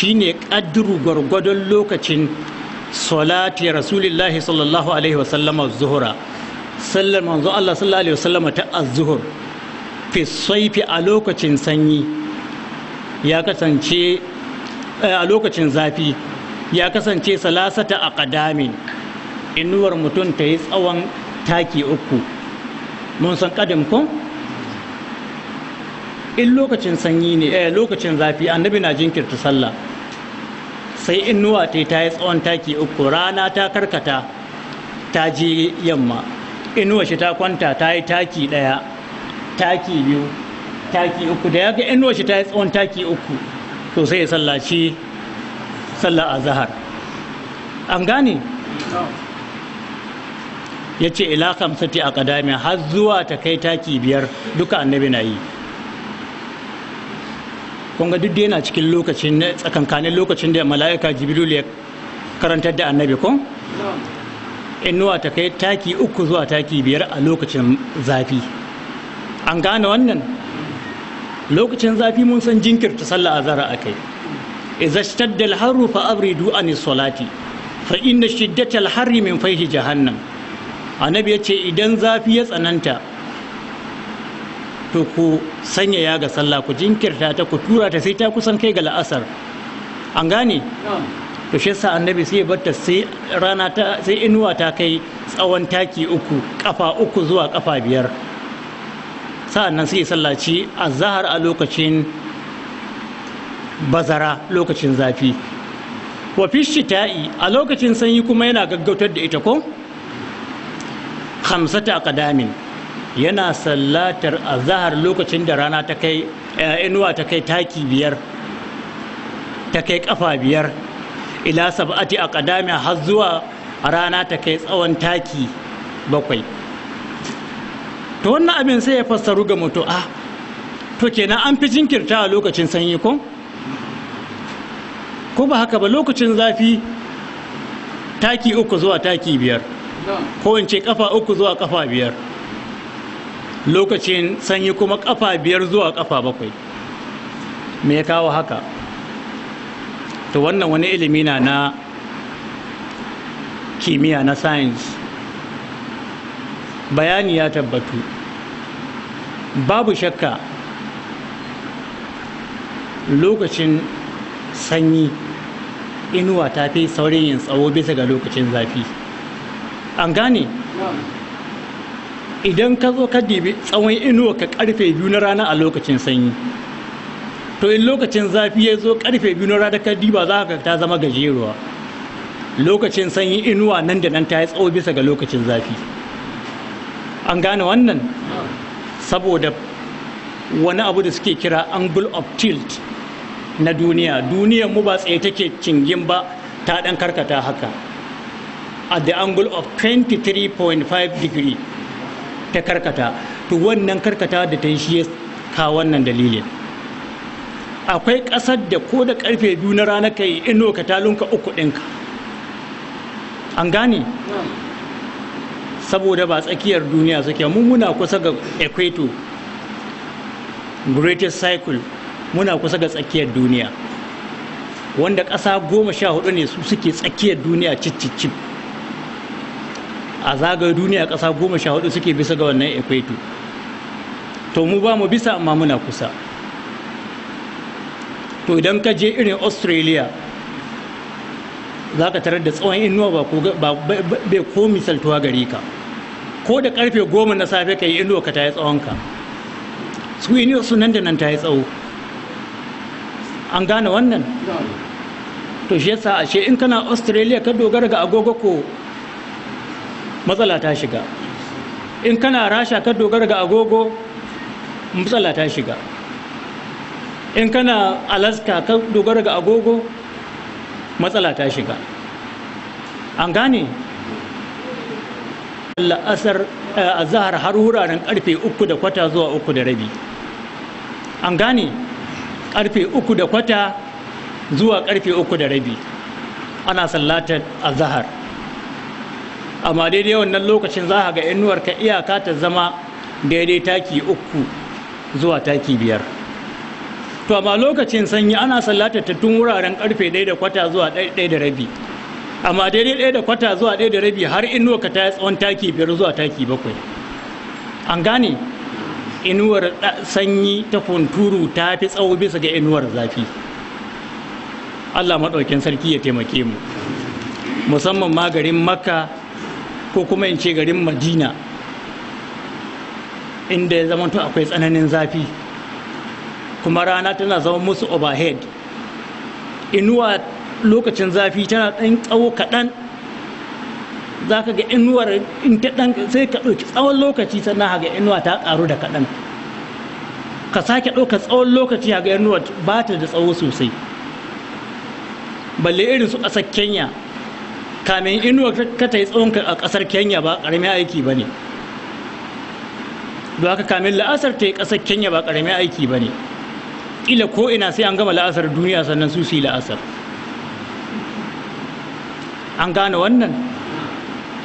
shine ƙaduru gwargwadon lokacin salati rasulillahi sallallahu alaihi wasallama zuhura sallar manzo Allah sallallahu alaihi wasallama ta az-zuhur fi saifi a lokacin sanyi ya kasance eh, a lokacin zafi ya kasance salasata a ƙadamin inuwar mutum ta yi tsawon taki uku mun san kadin ko in lokacin sanyi ne eh lokacin zafi annabi na jinkirta sallah sai inuwa ta ta yi tsawon taki uku rana ta karkata ta je yamma inuwa shi ta kwanta ta yi taki ɗaya taki biyu taki uku da ya ga inuwa shi ta yi tsawon taki uku to sai ya sallaci a zahar. an gane ya ce ila kamsati a kadami har zuwa ta kai taki biyar duka annabi na yi Kunga ga duk yana cikin lokacin tsakankanin lokacin da mala'ika jibril ya karantar da annabi ko inuwa ta kai taki uku zuwa taki biyar a lokacin zafi an gane wannan lokacin zafi mun san jinkirta sallah azara akai kai. ishtadda da harru fa abridu an salati fa inna shiddatal harri min fayhi jahannam annabi ya ce idan zafi ya tsananta to ku ya ga sallah ku jinkirta ta ku tura ta sai ta kusan kai ga la'asar an gane to shi sa annabi sai ya batta sai rana ta sai inuwa ta kai tsawon taki uku kafa uku zuwa kafa biyar sa'annan sai ya sallaci a zahar a lokacin bazara lokacin zafi wa fi a lokacin sanyi kuma yana gaggautar da ita ko khamsata qadamin yana sallatar azahar lokacin da rana ta kai eh, inuwa ta kai taki biyar ta kai kafa biyar ila sab'ati a ƙadami har zuwa rana ta kai tsawon taki bakwai to wannan abin sai ya fassaru ga mutu a ah, to kenan an fi jinkirta a lokacin sanyi ko ko ba haka ba lokacin zafi taki uku zuwa taki biyar ko in ce kafa uku zuwa kafa biyar lokacin sanyi kuma kafa biyar zuwa kafa bakwai me ya kawo haka to wannan wani ilimi na na kimiyya na science bayani ya tabbatu babu shakka lokacin sanyi inuwa ta fi saurin yin tsawo bisa ga lokacin zafi an gane idan ka zo ka dibi tsawon inuwa ka karfe biyu na rana a lokacin sanyi to in lokacin zafi ya zo karfe biyu na rana ka diba za ka ta zama gajeruwa lokacin sanyi inuwa nan da nan ta yi tsawo bisa ga lokacin zafi an gane wannan saboda wani abu da suke kira angle of tilt na duniya duniyar mu ba tsaye take cingin ba ta ɗan karkata haka at the angle of 23.5 degree ta karkata to wannan karkata da ta yi shi ya kawo wannan dalilin akwai ƙasar da ko da karfe biyu na rana ka yi ino ka talunka uku ɗinka an gane saboda ba tsakiyar duniya suke mun muna kusa ga equator greatest cycle muna kusa ga tsakiyar duniya wanda ƙasa goma sha hudu ne su suke tsakiyar duniya cip a zagaye duniya ƙasa goma sha hudu suke bisa ga wannan ekwaito to mu ba mu bisa amma muna kusa to idan ka je irin australia za ka tarar da tsawon inuwa ba bai ko misaltuwa gare ka ko da karfe goma na safe ka yi inuwa ka ta yi tsawonka su inuwa su nan da nan ta yi tsawo an gane wannan to shi yasa ashe in kana australia ka dogara ga agogo ko matsala ta shiga in kana rasha ka dogara ga agogo matsala ta shiga in kana alaska ka dogara ga agogo matsala ta shiga an gane la'asar eh, a zahar har wuraren karfe uku da kwata zuwa uku da rabi an gane karfe uku da kwata zuwa karfe uku da rabi ana sallatar a zahar amma daidai wannan lokacin za ga inuwar ka iyaka ta zama daidai taki uku zuwa taki biyar to amma lokacin sanyi ana sallata ta tun wuraren karfe ɗaya da kwata zuwa ɗaya da rabi amma daidai ɗaya da kwata zuwa ɗaya da rabi har inuwar ka ta yi tsawon taki biyar zuwa taki bakwai an gane inuwar sanyi ta kunturu ta fi tsawo bisa ga inuwar zafi allah maɗaukin sarki ya taimake mu musamman ma garin makka ko kuma in ce garin madina inda ya zama to akwai tsananin zafi kuma rana tana zama musu overhead inuwa lokacin zafi tana ɗan tsawo kaɗan za ka ga inuwar in ta ɗan sai ka ɗauki tsawon lokaci sannan ga inuwa ta ƙaru da kaɗan ka sake ɗauka tsawon lokaci ga inuwa ba ta da tsawo sosai balle irin su ƙasar kenya kamin inuwa ka ta yi tsawonka a ƙasar kenya ba ƙaramin aiki ba ne ba haka kamin la'asar ta yi ƙasar kenya ba ƙaramin aiki ba ne ƙila ko ina sai an gama la'asar duniya sannan su su la'asar an gane wannan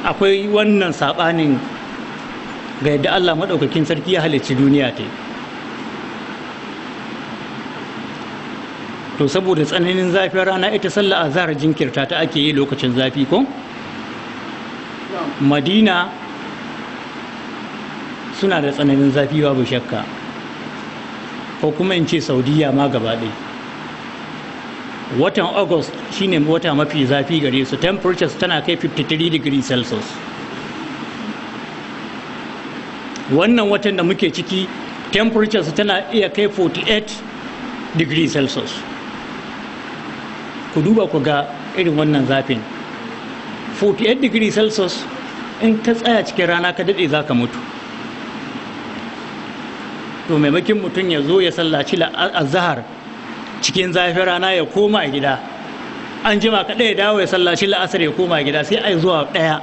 akwai wannan saɓanin ga yadda allah maɗaukakin sarki ya halicci duniya ta yi to saboda tsananin zafin rana ita sallah azhar jinkirta ta ake yi lokacin zafi ko madina suna da tsananin zafi babu shakka ko kuma in ce saudiya ma gaba ɗaya watan august shine wata mafi zafi gare su temperatures tana kai 53 degrees celsius wannan watan da muke ciki temperatures tana iya kai 48 degrees celsius ku duba ku ga irin wannan zafin 48 degrees celsius in ka tsaya cikin rana ka daɗe za ka mutu to maimakin mutum ya zo ya sallaci azahar cikin zafin rana ya koma gida an jima ka ɗaya dawo ya sallaci la'asar ya koma gida sai ai zuwa ɗaya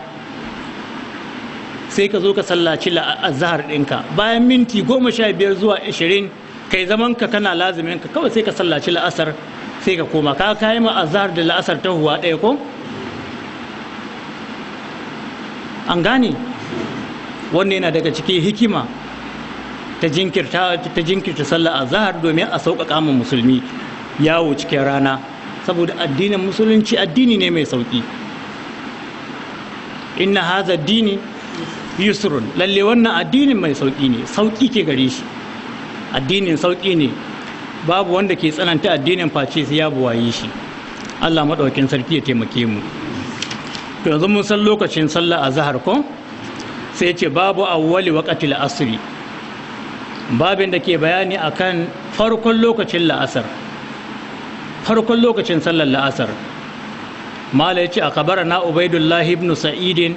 sai ka zo ka sallaci azahar ɗinka bayan minti goma sha biyar zuwa ashirin kai zamanka kana lazimin ka kawai sai ka sallaci la'asar sai ka koma ka kayi ma azhar da la'asar ta huwa ɗaya ko an gane wannan yana daga cikin hikima ta jinkirta ta jinkirta sallar azhar domin a sauƙaƙa mu musulmi yawo cikin rana saboda addinin musulunci addini ne mai sauƙi inna haza dini yusrun lalle wannan addinin mai sauƙi ne sauƙi ke gare shi addinin sauƙi ne babu wanda ke tsananta addinin face sai ya buwaye shi Allah maɗaukin sarki ya taimake mu to yanzu mun san lokacin sallah a zahar ko sai ce babu awwali waqatil asri babin da ke bayani akan farkon lokacin la'asar farkon lokacin sallar la'asar mala ya ce a kabara na ubaidullahi ibn sa'idin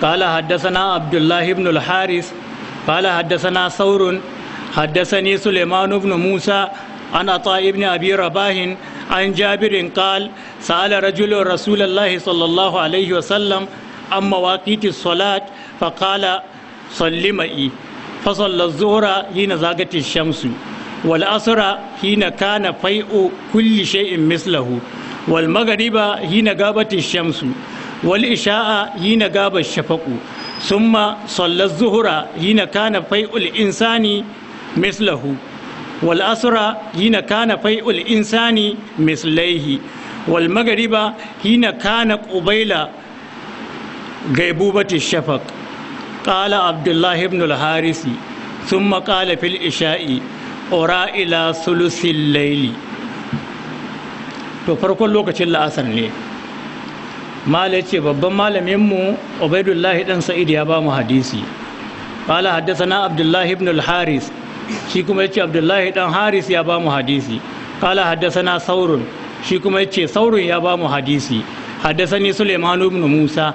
kala haddasana abdullahi ibn al-haris kala haddasana saurun haddasani suleiman ibn musa عن عطاء بن أبي رباه عن جابر قال سأل رجل رسول الله صلى الله عليه وسلم عن مواقيت الصلاة فقال صل معي فصلى الظهر حين زاغت الشمس والعصر حين كان فيء كل شيء مثله والمغرب حين غابت الشمس والإشاء حين غاب الشفق ثم صلى الظهر حين كان فيء الإنسان مثله wal asra hina kana fai'ul insani mislaihi wal magariba hina kana qubaila gaibubati shafak. qala abdullah ibn al harisi thumma qala fil isha'i ora ila to farkon lokacin la'asar ne malai ce babban malaminmu ubaidullahi dan sa'id ya bamu mu hadisi qala na abdullah ibn al shi kuma yace abdullahi dan haris ya ba mu hadisi haddasa na saurun shi kuma yace saurun ya ba mu hadisi ni Sulemanu ibn musa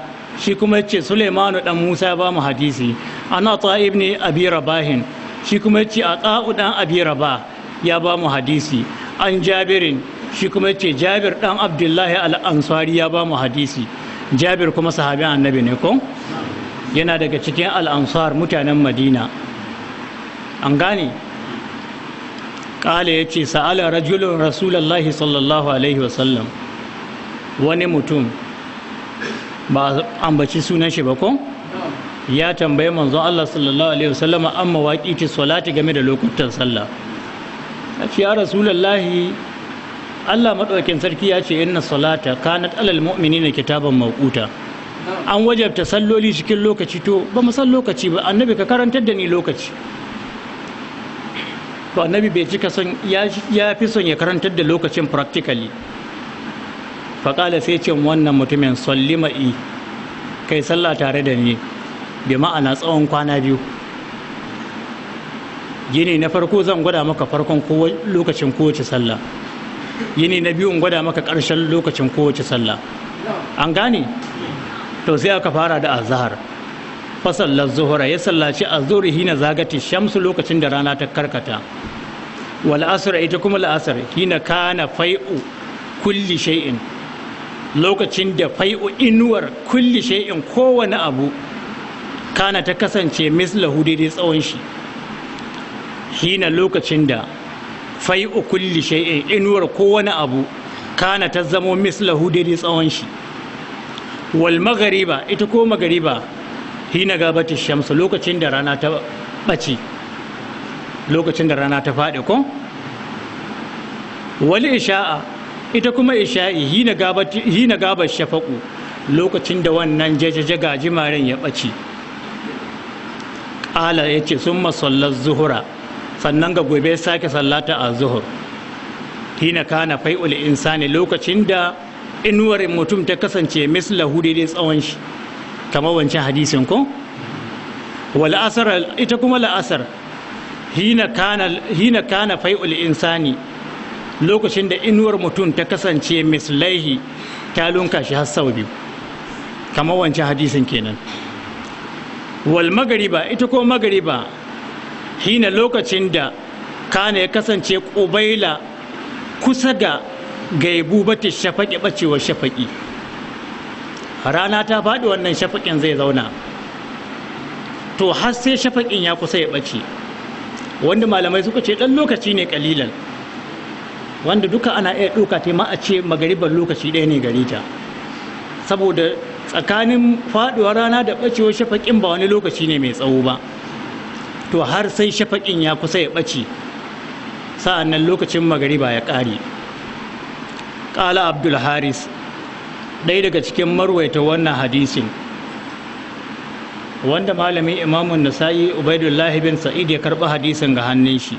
shi kuma yace sulaiman dan musa ya ba mu hadisi ana ta ibn abi rabahin shi kuma yace ata'u dan abi ba ya ba mu hadisi an jabirin shi kuma yace jabir dan abdullahi al-ansari ya ba mu hadisi jabir kuma sahabi annabi ne ko yana daga cikin al-ansar mutanen madina an gane ƙala ya ce sa'ala rajulun rasulallah sallallahu alaihi wasallam wani mutum ba ambaci sunan shi ba ko ya tambayi manzon Allah sallallahu alaihi wasallam an mawaqiti salati game da lokutan sallah ce ya rasulullahi Allah madaukakin sarki ya ce inna salata kanat alal mu'minina kitaban mawquta an wajabta salloli cikin lokaci to ba mu san lokaci ba annabi ka karantar da ni lokaci to annabi bai cika son ya fi son ya karantar da lokacin practically faƙala sai ce wannan mutumin salli ma'i kai sallah tare da ni bi ma'ana tsawon kwana biyu Gini na farko zan gwada maka farkon lokacin kowace sallah Gini na biyu gwada maka ƙarshen lokacin kowace sallah an gane to sai aka fara da azahar fasallar zuhura ya sallaci a azhur hina zagati shamsu lokacin da rana ta karkata wal asr ita kuma al asr hina kana fai'u kulli shay'in lokacin da fai'u inuwar kulli shay'in kowane abu kana ta kasance mislahu daidai tsawon shi hina lokacin da fai'u kulli shay'in inuwar kowane abu kana ta zamo mislahu daidai tsawon shi wal magariba ita ko magariba hina gabati shamsu lokacin da rana ta ɓace lokacin da rana ta faɗi ko Wani isha'a ita kuma isha'i hina gabar shafaku, lokacin da wannan jajaje gajimaren ya ɓace ƙala ya ce sun masallar zuhura sannan ga gobe sake sallata a zuhur hina kana fai'ul insani lokacin da inuwar mutum ta kasance mislahu daidai tsawon shi kamar wancan hadisin ko wal asar ita kuma la'asar hina kana hina kana fai'ul insani lokacin da inuwar mutum ta kasance mislaihi ta lunka shi har sau biyu kamar wancan hadisin kenan wal magariba ita ko magariba hina lokacin da kana ya kasance ƙubaila kusa ga gaibu bata shafaƙi ɓacewar shafaƙi rana ta faɗi wannan shafaƙin zai zauna to har sai shafaƙin ya kusa ya ɓace wanda malamai suka ce ɗan lokaci ne ƙalilan wanda duka ana iya ɗauka ta ma a ce magariban lokaci ɗaya ne gari ta saboda tsakanin faɗuwar rana da ɓacewar shafaƙin ba wani lokaci ne mai tsawo ba to har sai shafaƙin ya kusa ya ɓace sa'an nan lokacin magariba ya ƙare ƙala Abdulharis. ɗaya daga cikin marwaita wannan hadisin wanda malamin imamun nasa'i ubaidullahi bin sa'id ya karɓi hadisin ga hannun shi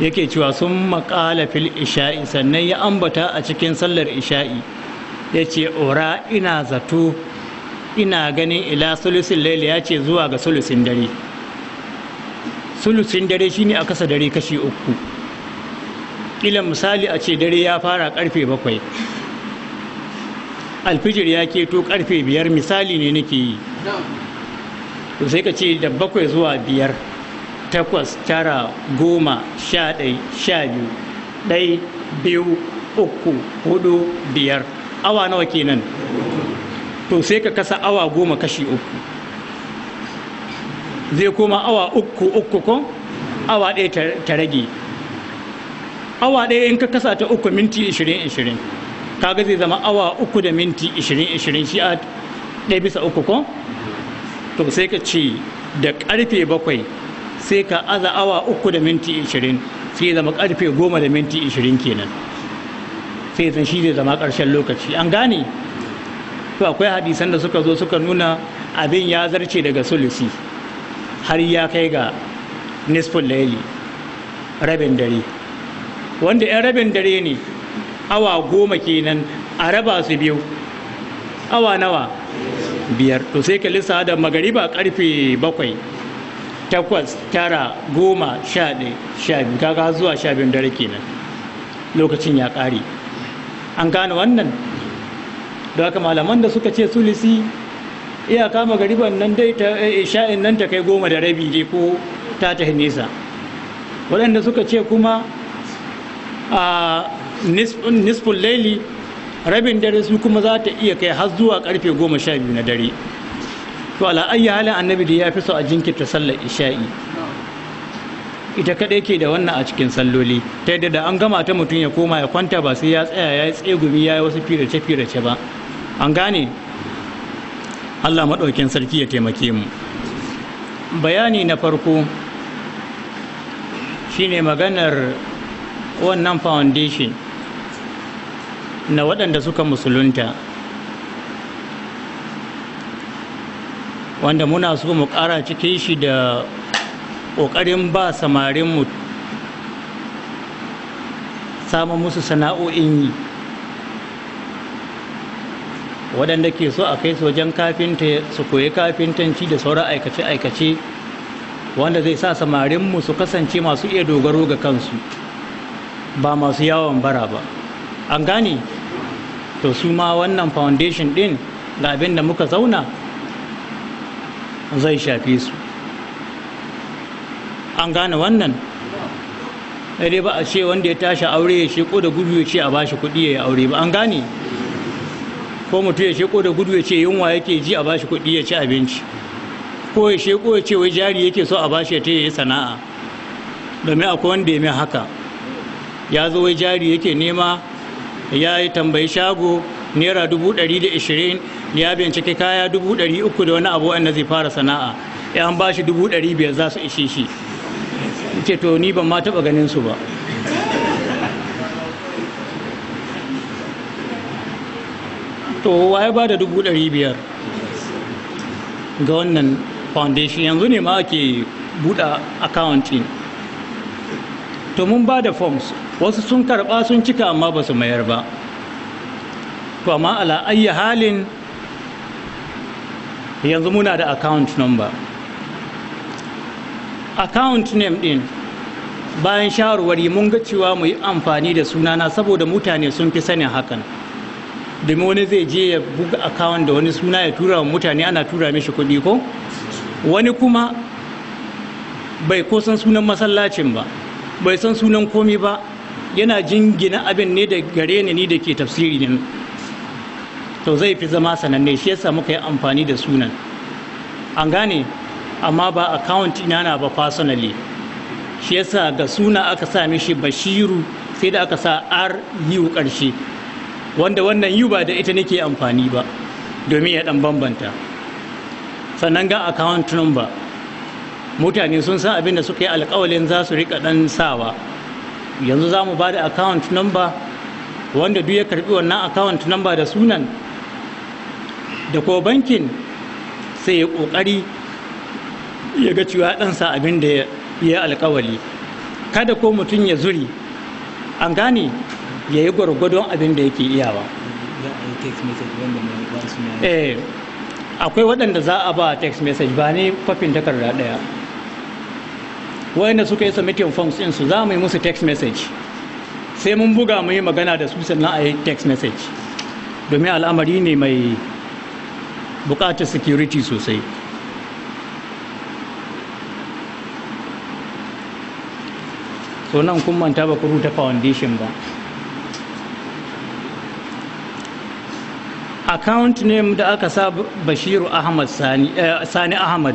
yake cewa sun maƙala fil isha'i sannan ya ambata a cikin sallar isha'i ya ce ora ina zato ina ganin ila sulusin laili ya ce zuwa ga sulusin dare sulusin dare shine a kasa dare kashi uku ƙila misali a ce dare ya fara ƙarfe bakwai alfijir ya keto karfe biyar misali ne nake yi to sai ka ce da bakwai zuwa biyar takwas tara goma sha ɗai sha biyu ɗai biyu uku hudu biyar awa nawa kenan to sai ka kasa awa goma kashi uku zai koma awa uku uku ko awa ɗaya ta rage awa ɗaya in ka kasa ta uku minti ishirin ishirin kaga zai zama awa uku da minti ishirin ishirin shi a ɗaya bisa uku ko to sai ka ce da karfe bakwai sai ka aza awa uku da minti ishirin sai zama ƙarfe goma da minti ishirin kenan sai zan shi zai zama ƙarshen lokaci an gane to akwai hadisan da suka zo suka nuna abin ya zarce daga sulusi har ya kai ga nisfin laili rabin dare wanda 'yan rabin dare ne awa goma kenan a raba su biyu awa nawa biyar to sai ka lissa da magariba karfe bakwai takwas tara goma sha ɗaya sha biyu kaga zuwa sha biyun dare kenan lokacin ya ƙare an gane wannan da haka malaman da suka ce sulisi iyaka magariban nan dai ta eh, sha'in nan ta kai goma da rabi dai ko ta ta nesa waɗanda suka ce kuma a ah, nisfin laili rabin dare su kuma za ta iya kai har zuwa karfe goma sha biyu na dare to ala halin annabi da ya fi so a jinkirta sallar isha'i ita kaɗai ke da wannan a cikin salloli ta yadda da an gama ta mutum ya koma ya kwanta ba sai ya tsaya ya yi tsegumi ya yi wasu firace firace ba an gane allah maɗaukin sarki ya taimake mu bayani na farko shine maganar wannan foundation na waɗanda suka musulunta wanda muna so mu ƙara cikin shi da ƙoƙarin ba samarinmu samun musu sana'o'in yi waɗanda ke so a kai su wajen kafinta su koyi kafintanci da sauran aikace-aikace wanda zai sa samarinmu su kasance masu iya dogaro ga kansu ba masu yawon bara ba an gane to su ma wannan foundation din da abin da muka zauna zai shafe su an gane wannan dai ba a ce wanda ya tashi aure ya sheko da gudu ya ce a bashi kuɗi ya yi aure ba an gane ko mutu ya sheko da gudu ya ce yunwa yake ji a bashi kuɗi ya ci abinci ko ya sheko ya ce wai jari yake so a bashi ya ta yi sana'a domin akwai wanda ya mai haka ya zo wai jari yake nema ya yi tambayi shago naira dubu ɗari da ishirin ya bincike kaya dubu ɗari uku da wani abu wanda zai fara sana'a ya an bashi dubu ɗari biyar za su ishe shi ce to ni ban ma taɓa ganin su ba to ya ba da dubu ɗari biyar ga wannan foundation yanzu ne ma ake buɗe accounting to mun ba da forms wasu sun karɓa sun cika amma ba su mayar ba to amma ala ayyi halin yanzu muna da account number account name din bayan shawarwari mun ga cewa mu yi amfani da sunana saboda mutane sun fi sanin hakan domin wani zai je ya buga account da wani suna ya tura mutane ana tura mishi kuɗi ko wani kuma bai ko san sunan masallacin ba bai san sunan komi ba yana jingina abin ne da gare ni ni da ke tafsiri ne to zai fi zama sananne shi yasa muka yi amfani da sunan an gane amma ba account ina na ba personally shi yasa ga suna aka sa mishi bashiru sai da aka sa r u karshe wanda wannan u ba da ita nake amfani ba domin ya dan bambanta sannan ga account number mutane sun san abin da suka yi alkawalin za su rika dan sawa yanzu za mu ba da account number wanda duk ya karbi wannan account number da sunan da ko bankin sai ya kokari ya ga cewa ɗansa abin da ya alkawali kada ko mutum ya zuri an gane ya yi gwargwadon abin da yake iyawa eh, akwai waɗanda za a ba text message ba ne kwafin takarda ɗaya wayanda suka yi submitting forms din su za mu yi musu text message sai mun buga mu yi magana da su sannan a yi text message domin al'amari ne mai bukatar security sosai so nan kun manta ba ku rubuta foundation ba account name da aka sa bashiru ahmad sani, eh, sani ahmad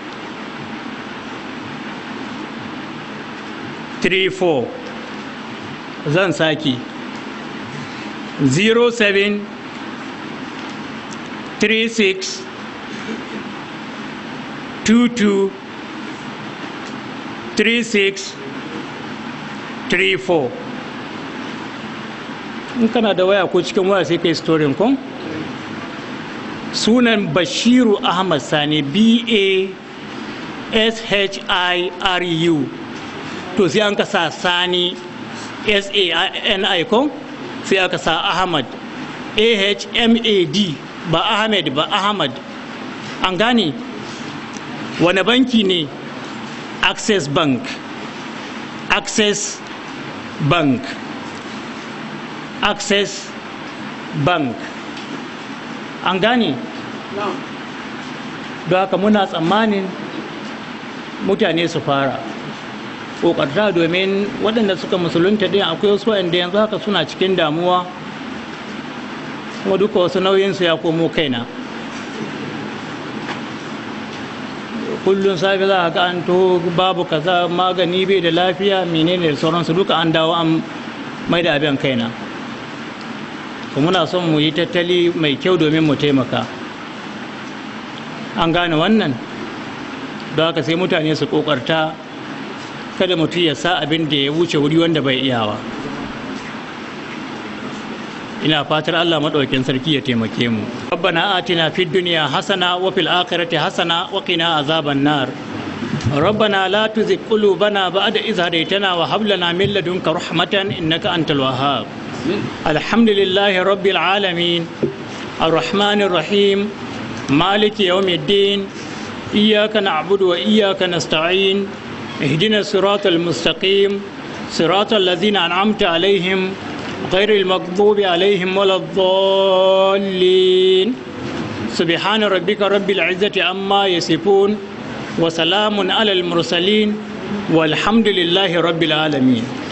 34 zan saki 07 36 22 36 34 da waya ko cikin waya sai kai storin kun sunan bashiru ahmad sani b a s h i r u to sai an kasa sani n i ko sai aka sa ahmad ahmad ba ahmed ba ahmad an gane wane banki ne access bank access bank access bank an gane don haka muna tsammanin mutane su fara kokarta domin waɗanda suka musulunta din akwai wasu waɗanda yanzu haka suna cikin damuwa kuma duka wasu nauyinsu ya komo kaina kullum safe za a ga an to babu kaza magani bai da lafiya menene da sauransu duka an dawo an mai da abin kaina kuma muna son mu yi tattali mai kyau domin mu taimaka an gane wannan don haka sai mutane su kokarta kada mutum ya sa abin da ya wuce wuri wanda bai iyawa ina fatar Allah maɗaukin sarki ya taimake mu rabbana atina fid dunya hasana wa fil akhirati hasana wakina azaban nar rabbana la tuzigh qulubana ba'da idh hadaytana wa hab lana min ladunka rahmatan innaka antal wahhab alhamdulillahi rabbil alamin arrahmanir rahim maliki yawmiddin iyyaka na'budu wa iyyaka nasta'in اهدنا الصراط المستقيم صراط الذين أنعمت عليهم غير المغضوب عليهم ولا الضالين سبحان ربك رب العزة عما يصفون وسلام على المرسلين والحمد لله رب العالمين